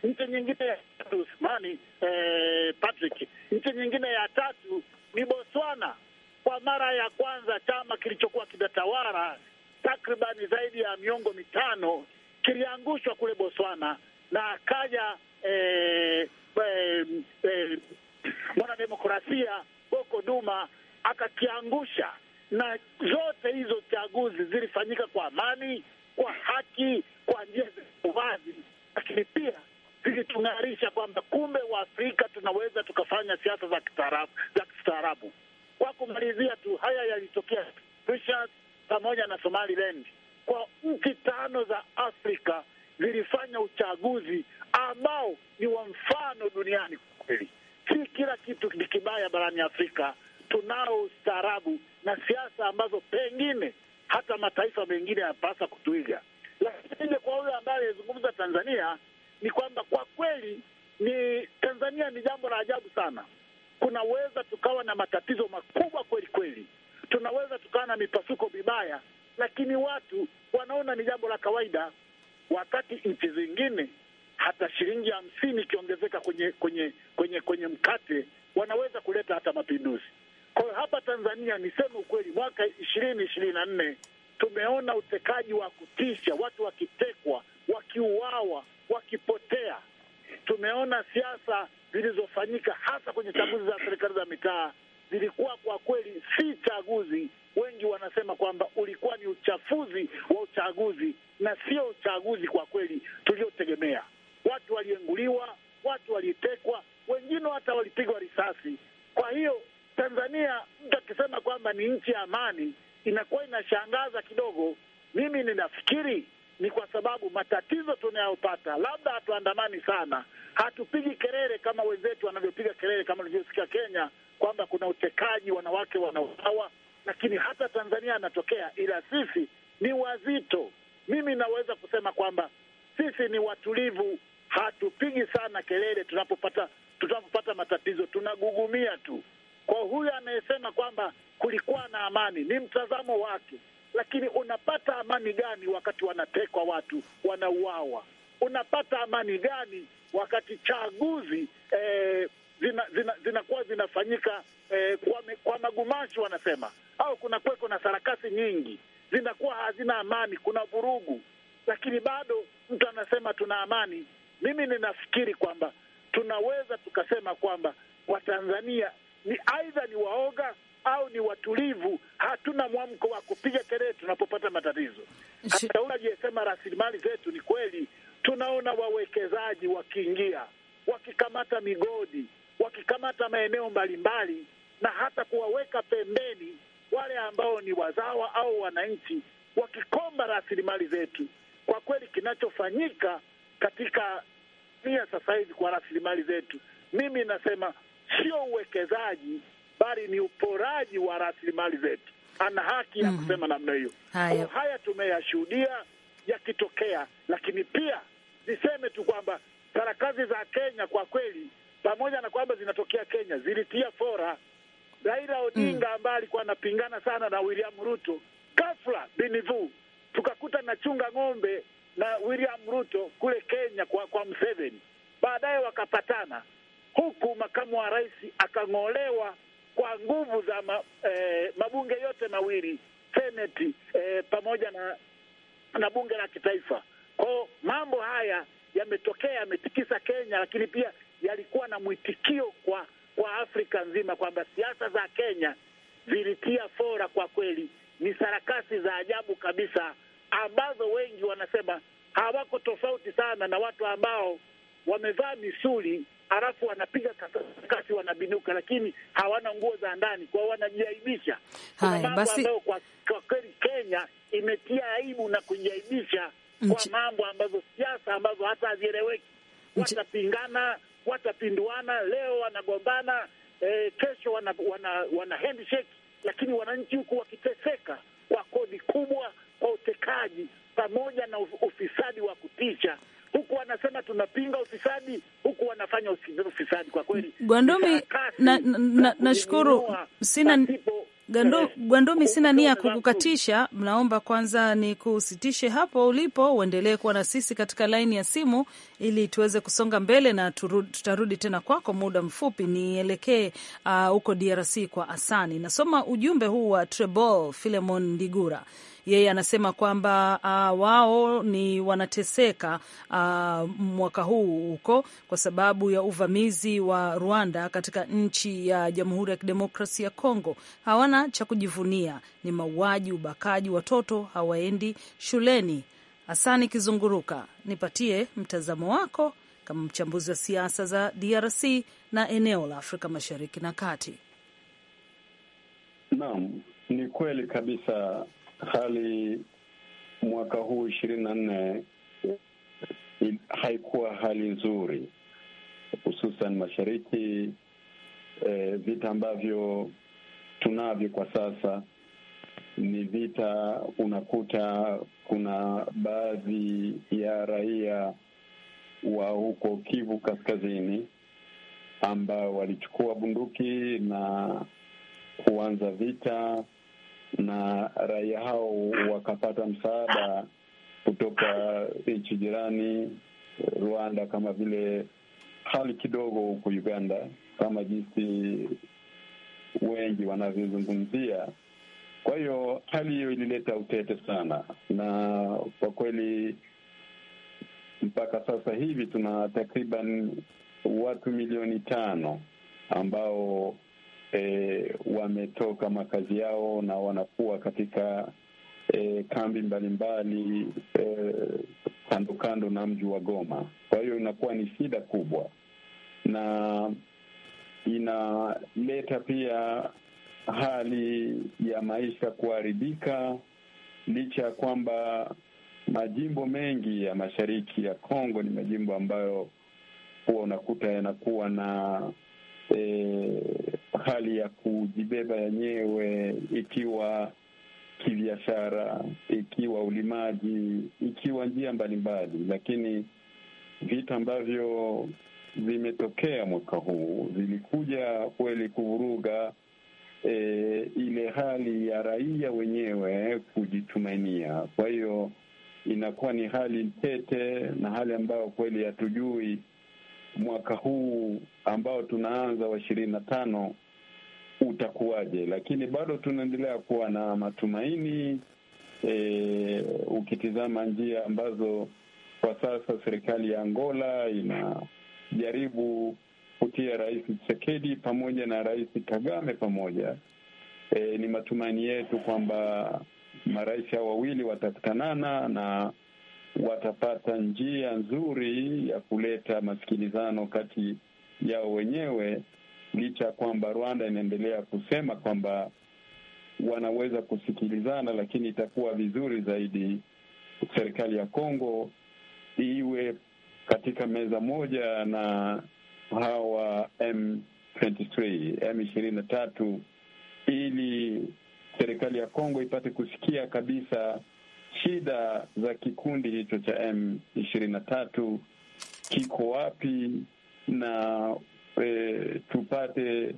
nchi nyingine ya tatu Usmani eh, Patrick, nchi nyingine ya tatu ni Botswana. Kwa mara ya kwanza chama kilichokuwa kinatawala takribani zaidi ya miongo mitano kiliangushwa kule Botswana na akaja eh, eh, eh, mwanademokrasia Boko Duma akakiangusha, na zote hizo chaguzi zilifanyika kwa amani, kwa haki, kwa njia za wazi, lakini pia sisi tung'arisha kwamba kumbe Waafrika tunaweza tukafanya siasa za kistaarabu za kistaarabu. Kwa kumalizia tu, haya yalitokea Richard pamoja na Somaliland. Kwa nchi tano za Afrika zilifanya uchaguzi ambao ni wa mfano duniani kwa kweli. Si kila kitu ni kibaya barani Afrika. Tunao ustaarabu na siasa ambazo pengine hata mataifa mengine yanapasa kutuiga, lakini kwa huyo ambaye alizungumza Tanzania ni kwamba kwa kweli ni Tanzania ni jambo la ajabu sana. Kunaweza tukawa na matatizo makubwa kweli kweli, tunaweza tukawa na mipasuko mibaya, lakini watu wanaona ni jambo la kawaida, wakati nchi zingine hata shilingi hamsini ikiongezeka kwenye kwenye kwenye kwenye mkate wanaweza kuleta hata mapinduzi. Kwa hiyo hapa Tanzania, niseme ukweli, mwaka ishirini ishirini na nne tumeona utekaji wa kutisha, watu wakitekwa, wakiuawa wakipotea. Tumeona siasa zilizofanyika hasa kwenye chaguzi za serikali za mitaa zilikuwa kwa kweli si chaguzi. Wengi wanasema kwamba ulikuwa ni uchafuzi wa uchaguzi na sio uchaguzi kwa kweli tuliotegemea. Watu walienguliwa, watu walitekwa, wengine hata walipigwa risasi. Kwa hiyo Tanzania, mtu akisema kwamba ni nchi ya amani, inakuwa inashangaza kidogo. Mimi ninafikiri ni kwa sababu matatizo tunayopata, labda hatuandamani sana, hatupigi kelele kama wenzetu wanavyopiga kelele, kama ulivyosikia Kenya kwamba kuna utekaji, wanawake wanauawa, lakini hata Tanzania anatokea, ila sisi ni wazito. Mimi naweza kusema kwamba sisi ni watulivu, hatupigi sana kelele tunapopata tunapopata matatizo, tunagugumia tu. Kwa huyo anayesema kwamba kulikuwa na amani, ni mtazamo wake lakini unapata amani gani wakati wanatekwa watu, wanauawa? Unapata amani gani wakati chaguzi eh, zinakuwa zina, zina zinafanyika eh, kwa, kwa magumashi wanasema, au kuna kuweko na sarakasi nyingi, zinakuwa hazina amani, kuna vurugu, lakini bado mtu anasema tuna amani. Mimi ninafikiri kwamba tunaweza tukasema kwamba Watanzania ni aidha ni waoga au ni watulivu, hatuna mwamko wa kupiga kelele tunapopata matatizo. Hataula aliyesema rasilimali zetu ni kweli, tunaona wawekezaji wakiingia, wakikamata migodi, wakikamata maeneo mbalimbali, na hata kuwaweka pembeni wale ambao ni wazawa au wananchi, wakikomba rasilimali zetu. Kwa kweli kinachofanyika katika mia sasa hivi kwa rasilimali zetu, mimi nasema sio uwekezaji bali ni uporaji wa rasilimali zetu. Ana haki ya mm -hmm. kusema namna hiyo. Haya, haya tumeyashuhudia yakitokea, lakini pia niseme tu kwamba sarakazi za Kenya kwa kweli, pamoja na kwamba zinatokea Kenya, zilitia fora Raila mm. Odinga mm. ambaye alikuwa anapingana sana na William Ruto, ghafla binivu tukakuta na chunga ng'ombe na William Ruto kule Kenya kwa, kwa Mseveni, baadaye wakapatana, huku makamu wa rais akang'olewa kwa nguvu za ma, eh, mabunge yote mawili seneti eh, pamoja na na bunge la kitaifa. Kwao mambo haya yametokea, yametikisa Kenya, lakini pia yalikuwa na mwitikio kwa kwa Afrika nzima kwamba siasa za Kenya zilitia fora. Kwa kweli ni sarakasi za ajabu kabisa ambazo wengi wanasema hawako tofauti sana na watu ambao wamevaa misuli halafu wanapiga kasi wanabinuka, lakini hawana nguo za ndani kwao, wanajiaibisha. Haya basi, kwa kweli Kenya imetia aibu na kujiaibisha kwa mambo ambazo, siasa ambazo hata hazieleweki. Watapingana, watapinduana, leo wanagombana, eh, kesho wana, wana, wana handshake, lakini wananchi huku wakiteseka kwa kodi kubwa, kwa utekaji pamoja na ufisadi wa kutisha huku wanasema tunapinga ufisadi, huku wanafanya ufisadi. Kwa kweli, Gwandumi, nashukuru sina Gandu, Gwandumi, eh, sina nia ya kukukatisha. Mnaomba kwanza ni kusitishe hapo ulipo, uendelee kuwa na sisi katika laini ya simu ili tuweze kusonga mbele na turu, tutarudi tena kwako muda mfupi. Nielekee uh, huko uh, DRC kwa Asani. Nasoma ujumbe huu wa Trebol Filemon Ndigura. Yeye anasema kwamba uh, wao ni wanateseka uh, mwaka huu huko kwa sababu ya uvamizi wa Rwanda katika nchi ya Jamhuri ya Kidemokrasia ya Kongo. Hawana cha kujivunia, ni mauaji, ubakaji, watoto hawaendi shuleni. Hasani Kizunguruka, nipatie mtazamo wako kama mchambuzi wa siasa za DRC na eneo la Afrika Mashariki na Kati. Naam, ni kweli kabisa hali mwaka huu ishirini na nne eh, haikuwa hali nzuri, hususan mashariki. E, vita ambavyo tunavyo kwa sasa ni vita, unakuta kuna baadhi ya raia wa huko Kivu Kaskazini ambao walichukua bunduki na kuanza vita na raia hao wakapata msaada kutoka nchi jirani Rwanda, kama vile hali kidogo huku Uganda, kama jinsi wengi wanavyozungumzia. Kwa hiyo hali hiyo ilileta utete sana, na kwa kweli mpaka sasa hivi tuna takriban watu milioni tano ambao e, wametoka makazi yao na wanakuwa katika e, kambi mbalimbali e, kando kando na mji wa Goma. Kwa hiyo inakuwa ni shida kubwa na inaleta pia hali ya maisha kuharibika, licha ya kwamba majimbo mengi ya mashariki ya Kongo ni majimbo ambayo huwa unakuta yanakuwa na eh, hali ya kujibeba yenyewe, ikiwa kibiashara, ikiwa ulimaji, ikiwa njia mbalimbali, lakini vita ambavyo vimetokea mwaka huu vilikuja kweli kuvuruga e, ile hali ya raia wenyewe kujitumainia. Kwa hiyo inakuwa ni hali tete na hali ambayo kweli hatujui mwaka huu ambao tunaanza wa ishirini na tano utakuwaje, lakini bado tunaendelea kuwa na matumaini e, ukitizama njia ambazo kwa sasa serikali ya Angola inajaribu kutia Rais Tshisekedi pamoja na Rais Kagame pamoja e, ni matumaini yetu kwamba marais hao wawili watakutanana na watapata njia nzuri ya kuleta masikilizano kati yao wenyewe, licha ya kwamba Rwanda inaendelea kusema kwamba wanaweza kusikilizana, lakini itakuwa vizuri zaidi serikali ya Kongo iwe katika meza moja na hawa M23, M23 ili serikali ya Kongo ipate kusikia kabisa shida za kikundi hicho cha M23 kiko wapi na e, tupate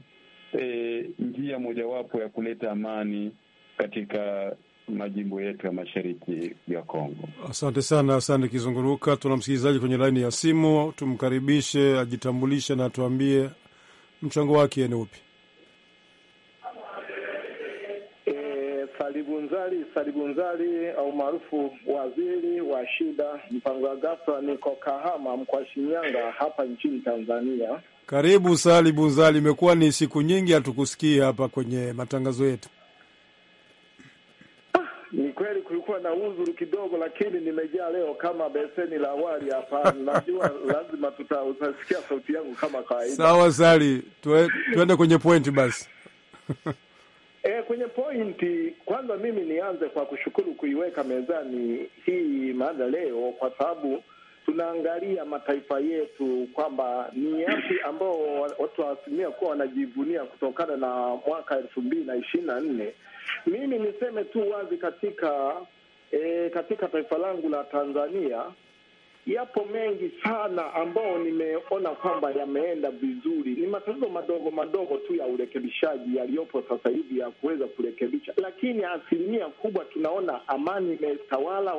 e, njia mojawapo ya kuleta amani katika majimbo yetu ya mashariki ya Kongo. Asante sana, asante Kizunguruka. Tuna msikilizaji kwenye laini ya simu, tumkaribishe ajitambulishe na atuambie mchango wake ni upi. Libunzari Salibunzari au maarufu waziri wa shida mpango wa ghafla, niko Kahama mkoa Shinyanga hapa nchini Tanzania. Karibu bunzali imekuwa ni siku nyingi hatukusikii hapa kwenye matangazo yetu. Ah, ni kweli kulikuwa na uzuri kidogo, lakini nimejaa leo kama beseni la wali hapa. Najua lazima tutasikia sauti yangu kama kawaida. Sawa Sali, tuende kwenye pointi basi. E, kwenye pointi kwanza, mimi nianze kwa kushukuru kuiweka mezani hii mada leo, kwa sababu tunaangalia mataifa yetu kwamba ni yapi ambao watu wa kuwa wanajivunia kutokana na mwaka elfu mbili na ishirini na nne. Mimi niseme tu wazi katika e, katika taifa langu la Tanzania Yapo mengi sana ambayo nimeona kwamba yameenda vizuri. Ni matatizo madogo madogo tu ya urekebishaji yaliyopo sasa hivi ya kuweza kurekebisha, lakini asilimia kubwa tunaona amani imetawala,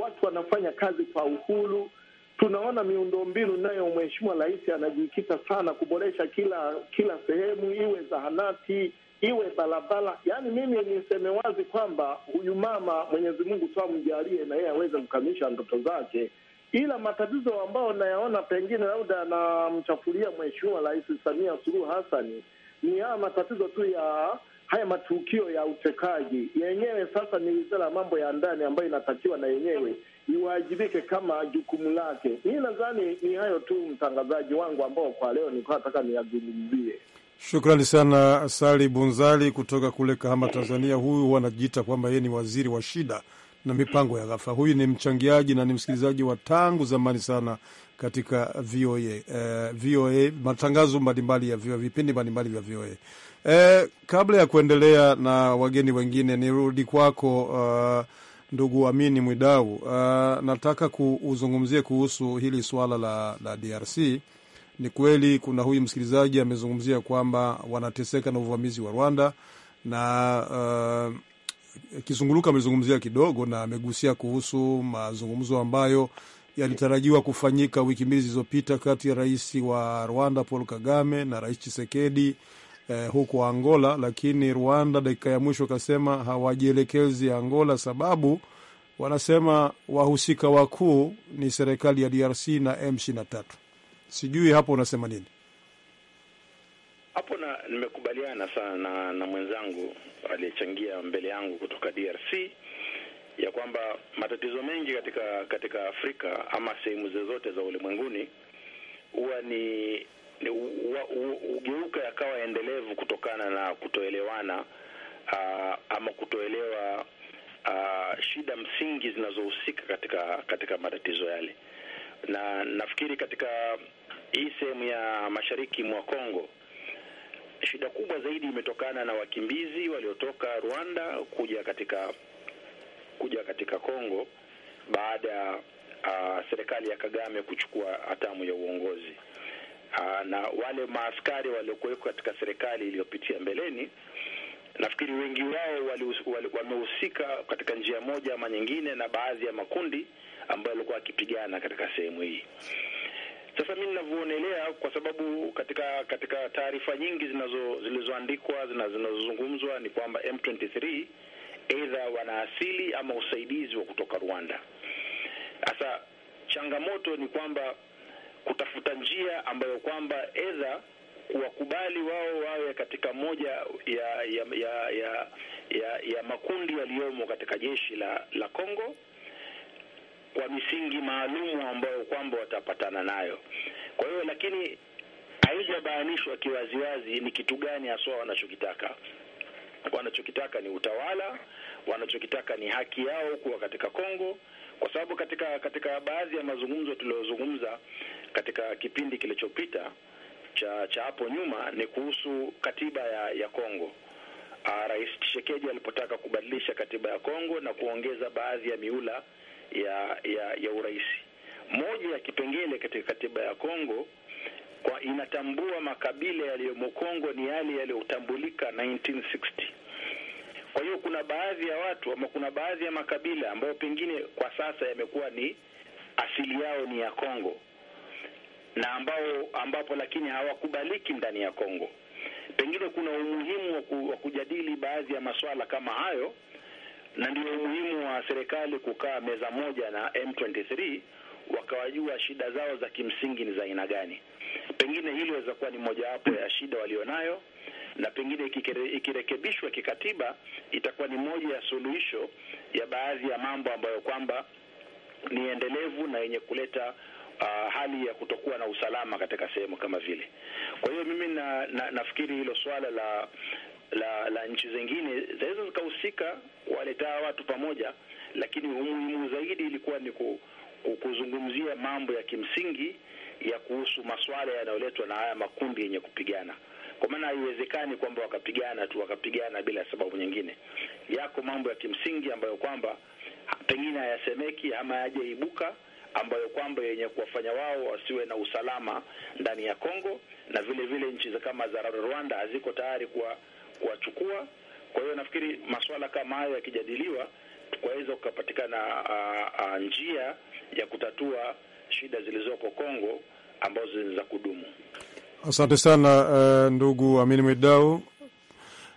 watu wanafanya kazi kwa uhuru. Tunaona miundombinu nayo, Mheshimiwa Rais anajikita sana kuboresha kila kila sehemu, iwe zahanati iwe barabara. Yaani mimi niseme wazi kwamba huyu mama, Mwenyezi Mungu tu amjalie na yeye aweze kukamilisha ndoto zake ila matatizo ambayo nayaona pengine labda anamchafulia Mheshimiwa Rais Samia Suluhu hasani ni haya matatizo tu ya haya matukio ya utekaji yenyewe. Sasa ni wizara ya mambo ya ndani ambayo inatakiwa na yenyewe iwajibike kama jukumu lake. Mii nadhani ni hayo tu, mtangazaji wangu, ambao kwa leo nilikuwa nataka niyazungumzie. Shukrani sana, Sali Bunzali kutoka kule Kahama, Tanzania. Huyu anajiita kwamba yeye ni waziri wa shida na mipango ya ghafa. Huyu ni mchangiaji na ni msikilizaji wa tangu zamani sana katika VOA, uh, eh, VOA matangazo mbalimbali ya VOA, vipindi mbalimbali vya VOA. Eh, kabla ya kuendelea na wageni wengine nirudi kwako uh, ndugu Amini Mwidau. Uh, nataka kuuzungumzie kuhusu hili swala la, la DRC. Ni kweli kuna huyu msikilizaji amezungumzia kwamba wanateseka na uvamizi wa Rwanda na uh, Kizunguluka amezungumzia kidogo na amegusia kuhusu mazungumzo ambayo yalitarajiwa kufanyika wiki mbili zilizopita kati ya rais wa Rwanda Paul Kagame na rais Chisekedi eh, huko Angola, lakini Rwanda dakika ya mwisho akasema hawajielekezi Angola sababu wanasema wahusika wakuu ni serikali ya DRC na M23. Sijui hapo unasema nini? hapo na nimekubaliana sana na, na mwenzangu aliyechangia mbele yangu kutoka DRC ya kwamba matatizo mengi katika katika Afrika ama sehemu zozote za ulimwenguni huwa ni, ni ugeuka yakawa endelevu kutokana na kutoelewana uh, ama kutoelewa uh, shida msingi zinazohusika katika katika matatizo yale, na nafikiri katika hii sehemu ya mashariki mwa Kongo shida kubwa zaidi imetokana na wakimbizi waliotoka Rwanda kuja katika kuja katika Kongo baada ya uh, serikali ya Kagame kuchukua hatamu ya uongozi. Uh, na wale maaskari waliokuwekwa katika serikali iliyopitia mbeleni, nafikiri wengi wao wamehusika katika njia moja ama nyingine na baadhi ya makundi ambayo yalikuwa wakipigana katika sehemu hii. Sasa mi ninavyoonelea, kwa sababu katika katika taarifa nyingi zinazo zilizoandikwa zinazozungumzwa ni kwamba M23 aidha wana asili ama usaidizi wa kutoka Rwanda. Sasa changamoto ni kwamba kutafuta njia ambayo kwamba aidha kuwakubali wao wawe katika moja ya ya ya ya, ya, ya makundi yaliyomo katika jeshi la la Kongo kwa misingi maalumu ambayo kwamba watapatana nayo. Kwa hiyo, lakini haijabainishwa kiwaziwazi ni kitu gani haswa wanachokitaka. Wanachokitaka ni utawala, wanachokitaka ni haki yao kuwa katika Kongo, kwa sababu katika katika baadhi ya mazungumzo tuliyozungumza katika kipindi kilichopita cha cha hapo nyuma ni kuhusu katiba ya ya Kongo. Ah, Rais Tshisekedi alipotaka kubadilisha katiba ya Kongo na kuongeza baadhi ya miula ya ya, ya urais. Moja ya kipengele katika katiba ya Kongo kwa inatambua makabila yaliyomo Kongo ni yale yaliyotambulika 1960. Kwa hiyo kuna baadhi ya watu ama kuna baadhi ya makabila ambayo pengine kwa sasa yamekuwa ni asili yao ni ya Kongo na ambao ambapo lakini hawakubaliki ndani ya Kongo. Pengine kuna umuhimu wa kujadili baadhi ya masuala kama hayo na ndio umuhimu wa serikali kukaa meza moja na M23 wakawajua shida zao za kimsingi ni za aina gani. Pengine hilo inaweza kuwa ni mojawapo ya shida walionayo, na pengine ikirekebishwa kikatiba itakuwa ni moja ya suluhisho ya baadhi ya mambo ambayo kwamba ni endelevu na yenye kuleta uh, hali ya kutokuwa na usalama katika sehemu kama vile. Kwa hiyo mimi na, na, nafikiri hilo swala la la, la nchi zingine zaweza zikahusika kuwaletaa watu pamoja, lakini umuhimu zaidi ilikuwa ni kuzungumzia mambo ya kimsingi ya kuhusu masuala yanayoletwa na haya makundi yenye kupigana. Kwa maana haiwezekani kwamba wakapigana tu wakapigana bila sababu nyingine. Yako mambo ya kimsingi ambayo kwamba pengine hayasemeki ama hayajaibuka ambayo kwamba yenye kuwafanya wao wasiwe na usalama ndani ya Kongo, na vile vile nchi kama za Rwanda haziko tayari kuwa kuwachukua. Kwa hiyo nafikiri masuala kama hayo yakijadiliwa, tukaweza kukapatikana njia ya kutatua shida zilizoko Kongo ambazo ni za kudumu. Asante sana uh, ndugu Amini Mwidau.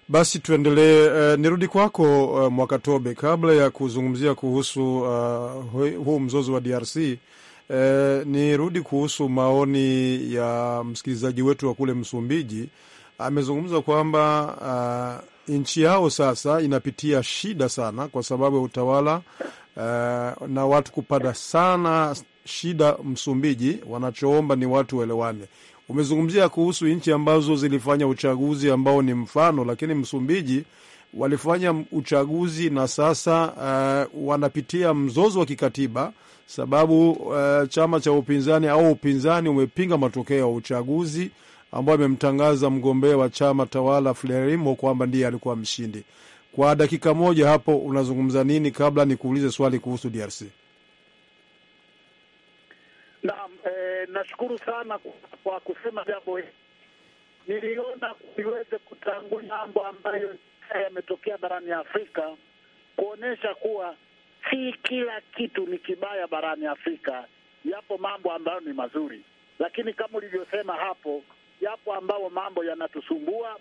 Basi tuendelee. Uh, nirudi kwako uh, Mwakatobe, kabla ya kuzungumzia kuhusu uh, huu mzozo wa DRC uh, nirudi kuhusu maoni ya msikilizaji wetu wa kule Msumbiji amezungumza kwamba uh, nchi yao sasa inapitia shida sana kwa sababu ya utawala uh, na watu kupata sana shida Msumbiji. Wanachoomba ni watu waelewane. Umezungumzia kuhusu nchi ambazo zilifanya uchaguzi ambao ni mfano, lakini Msumbiji walifanya uchaguzi na sasa uh, wanapitia mzozo wa kikatiba sababu uh, chama cha upinzani au upinzani umepinga matokeo ya uchaguzi ambayo amemtangaza mgombea wa chama tawala Frelimo kwamba ndiye alikuwa mshindi. Kwa dakika moja hapo, unazungumza nini kabla nikuulize swali kuhusu DRC? Naam, eh, nashukuru sana kwa kusema jambo hili. Niliona niweze kutangua mambo ambayo eh, yametokea barani Afrika kuonyesha kuwa si kila kitu ni kibaya barani Afrika. Yapo mambo ambayo ni mazuri, lakini kama ulivyosema hapo, yapo ambao mambo yanatusumbua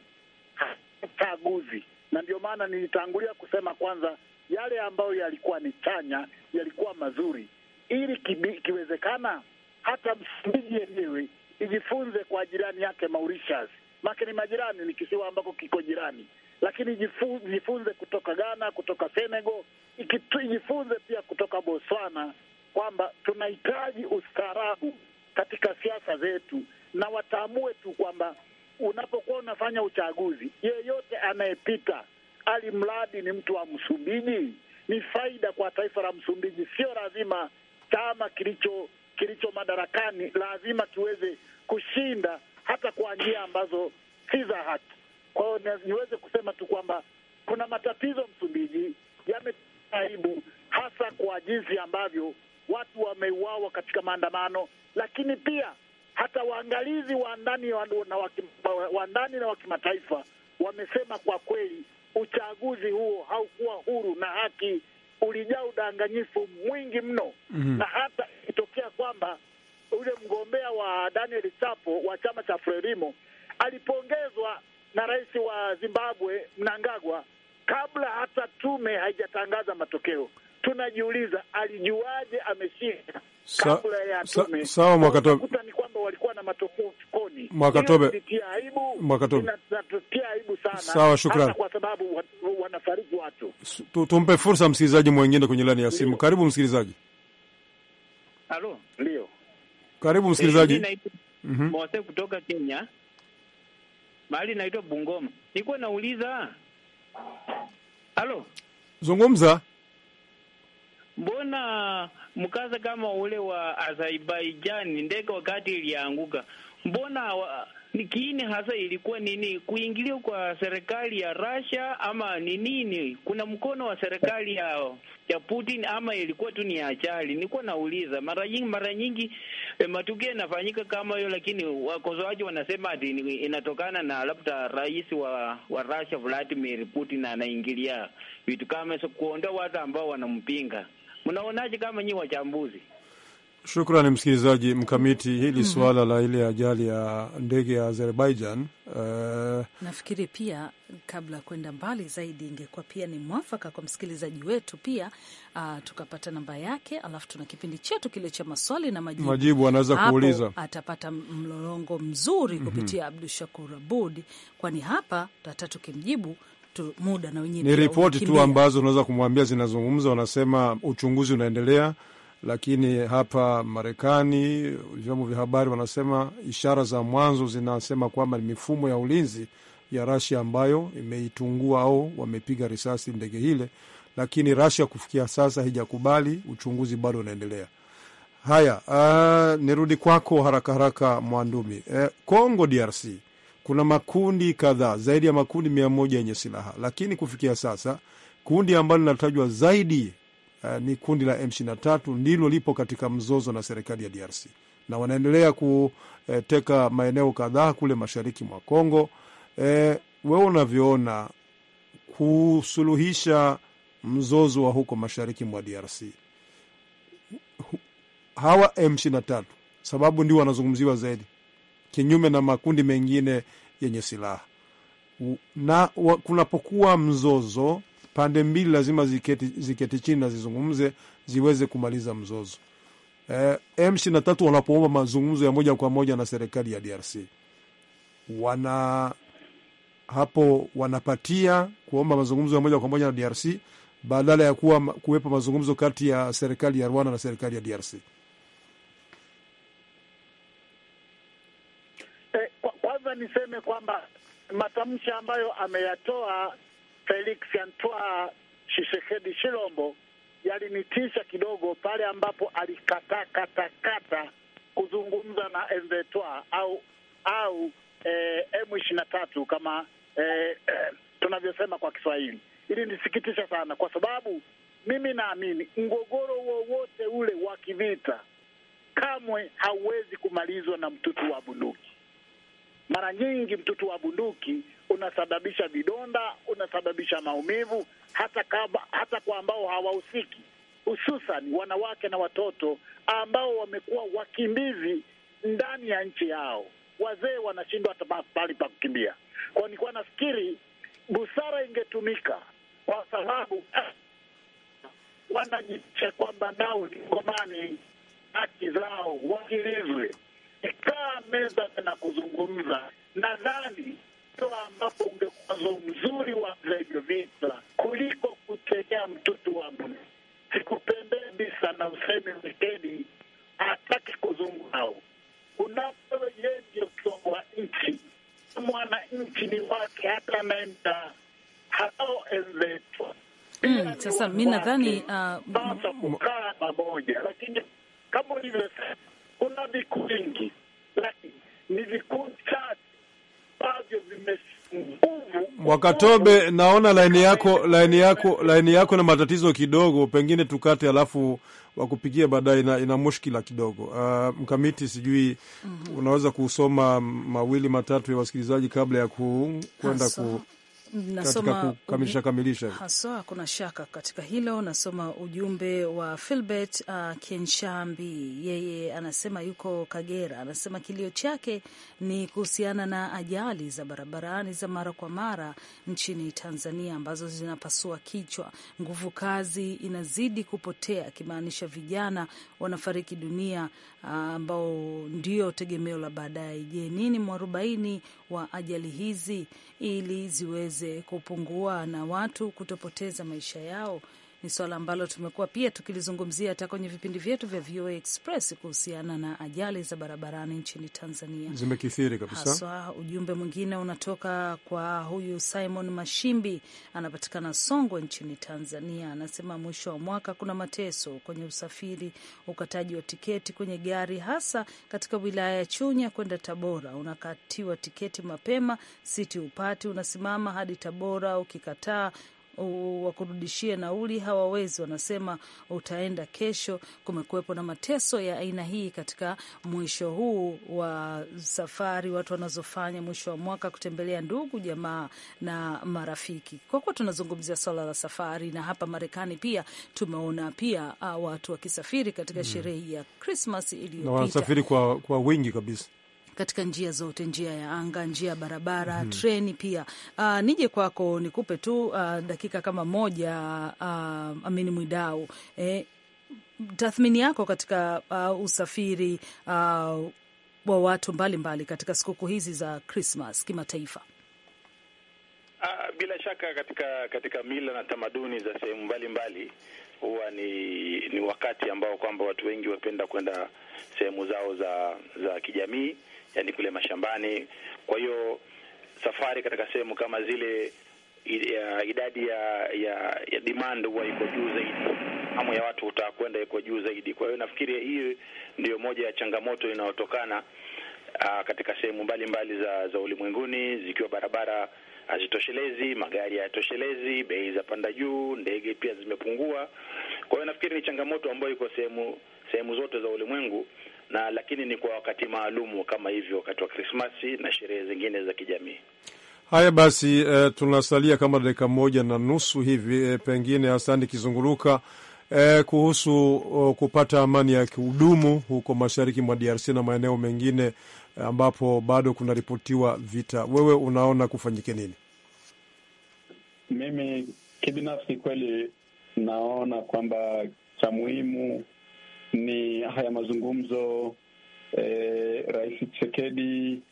chaguzi, na ndio maana nilitangulia kusema kwanza, yale ambayo yalikuwa ni chanya yalikuwa mazuri, ili ikiwezekana hata Msumbiji yenyewe ijifunze kwa jirani yake Mauritius, make ni majirani, ni kisiwa ambako kiko jirani, lakini ijifunze kutoka Ghana, kutoka Senegal, ijifunze pia kutoka Botswana kwamba tunahitaji ustaarabu katika siasa zetu na watambue tu kwamba unapokuwa unafanya uchaguzi, yeyote anayepita, ali mradi ni mtu wa Msumbiji, ni faida kwa taifa la Msumbiji. Sio lazima chama kilicho kilicho madarakani lazima kiweze kushinda hata kwa njia ambazo si za haki. Kwa hiyo niweze kusema tu kwamba kuna matatizo Msumbiji yameaibu, hasa kwa jinsi ambavyo watu wameuawa katika maandamano, lakini pia hata waangalizi wa ndani na wa kimataifa wamesema kwa kweli uchaguzi huo haukuwa huru na haki, ulijaa udanganyifu mwingi mno. mm -hmm. Na hata ikitokea kwamba ule mgombea wa Daniel Chapo wa chama cha Frelimo alipongezwa na rais wa Zimbabwe Mnangagwa kabla hata tume haijatangaza matokeo. Tunajiuliza alijuaje ameshinda kabla ya tume. Sawa Mwakatobe kwamba walikuwa na matokeo mfukoni. Mwakatobe, Mwakatobe, inatutia aibu sana. Sawa, shukrani, kwa sababu wanafariki watu. tu, Tumpe fursa msikilizaji mwengine kwenye laini ya simu. Karibu msikilizaji. Halo, ndio, karibu msikilizaji. Mm-hmm. Mose kutoka Kenya, mahali naitwa Bungoma. Nilikuwa nauliza, halo, zungumza. Mbona mkasa kama ule wa Azerbaijan, ndege wakati ilianguka, mbona wa, ni kiini hasa ilikuwa nini? Kuingilia kwa serikali ya Russia ama ni nini? Kuna mkono wa serikali ya ya Putin ama ilikuwa tu ni ajali? Nilikuwa nauliza mara nyingi, mara nyingi eh, matukio yanafanyika kama hiyo, lakini wakosoaji wanasema ati inatokana na labda rais wa wa Russia Vladimir Putin anaingilia vitu kama so, kuondoa watu ambao wanampinga. Mnaonaje kama nyi wachambuzi? Shukrani msikilizaji mkamiti hili mm -hmm. Suala la ile ajali ya ndege ya Azerbaijan uh... nafikiri pia kabla ya kwenda mbali zaidi, ingekuwa pia ni mwafaka kwa msikilizaji wetu pia uh, tukapata namba yake, alafu tuna kipindi chetu kile cha maswali na majibu, majibu anaweza kuuliza, atapata mlolongo mzuri mhm. kupitia mm -hmm. Abdu Shakur Abud, kwani hapa tata tukimjibu tu muda na wenyewe ni ripoti tu ambazo unaweza kumwambia zinazungumza, wanasema uchunguzi unaendelea, lakini hapa Marekani vyombo vya habari wanasema ishara za mwanzo zinasema kwamba ni mifumo ya ulinzi ya Rasia ambayo imeitungua au wamepiga risasi ndege hile, lakini Rasia kufikia sasa haijakubali. Uchunguzi bado unaendelea. Haya, uh, nirudi kwako haraka haraka Mwandumi. Eh, DRC kuna makundi kadhaa, zaidi ya makundi mia moja yenye silaha, lakini kufikia sasa kundi ambalo linatajwa zaidi uh, ni kundi la M23 ndilo lipo katika mzozo na serikali ya DRC na wanaendelea kuteka eh, maeneo kadhaa kule mashariki mwa congo E, eh, wewe unavyoona kusuluhisha mzozo wa huko mashariki mwa DRC hawa M23, sababu ndio wanazungumziwa zaidi, kinyume na makundi mengine yenye silaha na kunapokuwa mzozo pande mbili lazima ziketi, ziketi chini na zizungumze ziweze kumaliza mzozo. E, eh, M23 wanapoomba mazungumzo ya moja kwa moja na serikali ya DRC wana hapo wanapatia kuomba mazungumzo ya moja kwa moja na DRC badala ya kuwa kuwepo mazungumzo kati ya serikali ya Rwanda na serikali ya DRC. niseme kwamba matamshi ambayo ameyatoa Felix Antoine Tshisekedi Shilombo yalinitisha kidogo, pale ambapo alikatakatakata kuzungumza na M23 au au eh, M23 kama eh, eh, tunavyosema kwa Kiswahili. Ili nisikitisha sana, kwa sababu mimi naamini mgogoro wowote ule wa kivita kamwe hauwezi kumalizwa na mtutu wa bunduki. Mara nyingi mtutu wa bunduki unasababisha vidonda, unasababisha maumivu hata, kaba, hata kwa ambao hawahusiki, hususan wanawake na watoto ambao wamekuwa wakimbizi ndani ya nchi yao. Wazee wanashindwa hata pahali pa kukimbia kwao. Nilikuwa nafikiri busara ingetumika kwa sababu eh, wanajiisha kwamba nao ngomani haki zao wakilizwe wangekaa meza na kuzungumza, nadhani ndio ambapo ungekwazo mzuri wa hivyo vita kuliko kutegea mtoto wa mtu. Sikupendeni sana usemi Mseveni hataki kuzungumza. Unapo yeye ndio wa nchi, mwananchi ni wake, hata anaenda hataoenzetwa Mm, sasa mi nadhani uh, pamoja, lakini kama ulivyosema kuna vikundi, lakini ni vikundi chache ambavyo vime Wakatobe, naona laini yako laini yako laini yako na matatizo kidogo, pengine tukate, alafu wakupigia baadaye. Ina, ina mushkila kidogo uh, mkamiti sijui mm -hmm. Unaweza kusoma mawili matatu ya wasikilizaji kabla ya kwenda ku nasoma kukamilisha kamilisha haswa, kuna shaka katika hilo. Nasoma ujumbe wa Filbert uh, Kenshambi, yeye anasema yuko Kagera, anasema kilio chake ni kuhusiana na ajali za barabarani za mara kwa mara nchini Tanzania ambazo zinapasua kichwa, nguvu kazi inazidi kupotea, akimaanisha vijana wanafariki dunia uh, ambao uh, ndio tegemeo la baadaye. Je, nini mwarobaini wa ajali hizi ili ziweze ziweze kupungua na watu kutopoteza maisha yao ni swala ambalo tumekuwa pia tukilizungumzia hata kwenye vipindi vyetu vya VOA Express kuhusiana na ajali za barabarani nchini Tanzania zimekithiri kabisa. Haswa ujumbe mwingine unatoka kwa huyu Simon Mashimbi, anapatikana Songwe nchini Tanzania. Anasema mwisho wa mwaka kuna mateso kwenye usafiri, ukataji wa tiketi kwenye gari, hasa katika wilaya ya Chunya kwenda Tabora. Unakatiwa tiketi mapema, siti upati, unasimama hadi Tabora, ukikataa wakurudishie nauli hawawezi, wanasema utaenda kesho. Kumekuwepo na mateso ya aina hii katika mwisho huu wa safari watu wanazofanya mwisho wa mwaka kutembelea ndugu jamaa na marafiki. Kwa kuwa tunazungumzia swala la safari, na hapa Marekani pia tumeona pia uh, watu wakisafiri katika mm, sherehe ya Krismas iliyopita, wanasafiri kwa, kwa wingi kabisa katika njia zote, njia ya anga, njia ya barabara, mm -hmm. treni pia. Uh, nije kwako nikupe tu uh, dakika kama moja uh, Amini Mwidau, eh, tathmini yako katika uh, usafiri uh, wa watu mbalimbali mbali katika sikukuu hizi za Krismas kimataifa. Bila shaka katika katika mila na tamaduni za sehemu mbalimbali huwa ni ni wakati ambao kwamba watu wengi wapenda kwenda sehemu zao za za kijamii yani kule mashambani. Kwa hiyo safari katika sehemu kama zile idadi ya ya, ya demand huwa iko juu zaidi, hamu ya watu utakwenda kwenda iko juu zaidi. Kwa hiyo nafikiri hii ndiyo moja ya changamoto inayotokana katika sehemu mbalimbali za, za ulimwenguni zikiwa barabara hazitoshelezi, magari hayatoshelezi, bei za panda juu, ndege pia zimepungua. Kwa hiyo nafikiri ni changamoto ambayo iko sehemu sehemu zote za ulimwengu, na lakini ni kwa wakati maalumu kama hivyo, wakati wa Krismasi na sherehe zingine za kijamii. Haya basi, e, tunasalia kama dakika moja na nusu hivi, e, pengine asani Kizunguluka, e, eh, kuhusu o, oh, kupata amani ya kudumu huko mashariki mwa DRC na maeneo mengine ambapo bado kunaripotiwa vita. Wewe unaona kufanyike nini? Mimi kibinafsi kweli naona kwamba cha muhimu ni haya mazungumzo e, Rais Tshisekedi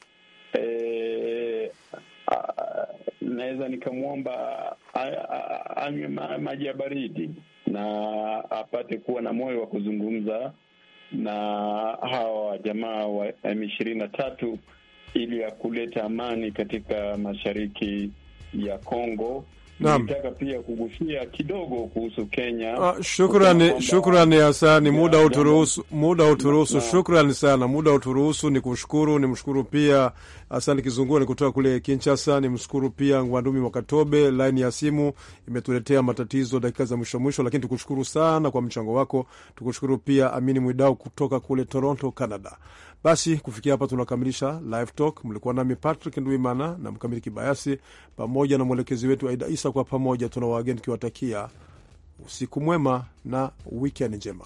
e, naweza nikamwomba anywe maji ya baridi na apate kuwa na moyo wa kuzungumza na hawa wajamaa wa m ishirini na tatu ili ya kuleta amani katika mashariki ya Kongo nilitaka pia kugusia kidogo kuhusu Kenya. Ah, shukrani, shukrani Hasani, muda uturuhusu, muda uturuhusu. Shukrani sana, muda uturuhusu. Ni kushukuru ni mshukuru pia Hasani Kizungua ni kutoka kule Kinshasa, ni mshukuru pia Ngwandumi Mwakatobe. Laini ya simu imetuletea matatizo dakika za mwisho mwisho, lakini tukushukuru sana kwa mchango wako. Tukushukuru pia Amini Mwidau kutoka kule Toronto, Canada. Basi kufikia hapa tunakamilisha live talk. Mlikuwa nami Patrick Ndwimana na Mkamili Kibayasi pamoja na mwelekezi wetu Aida Isa. Kwa pamoja tuna wageni tukiwatakia usiku mwema na wikendi njema.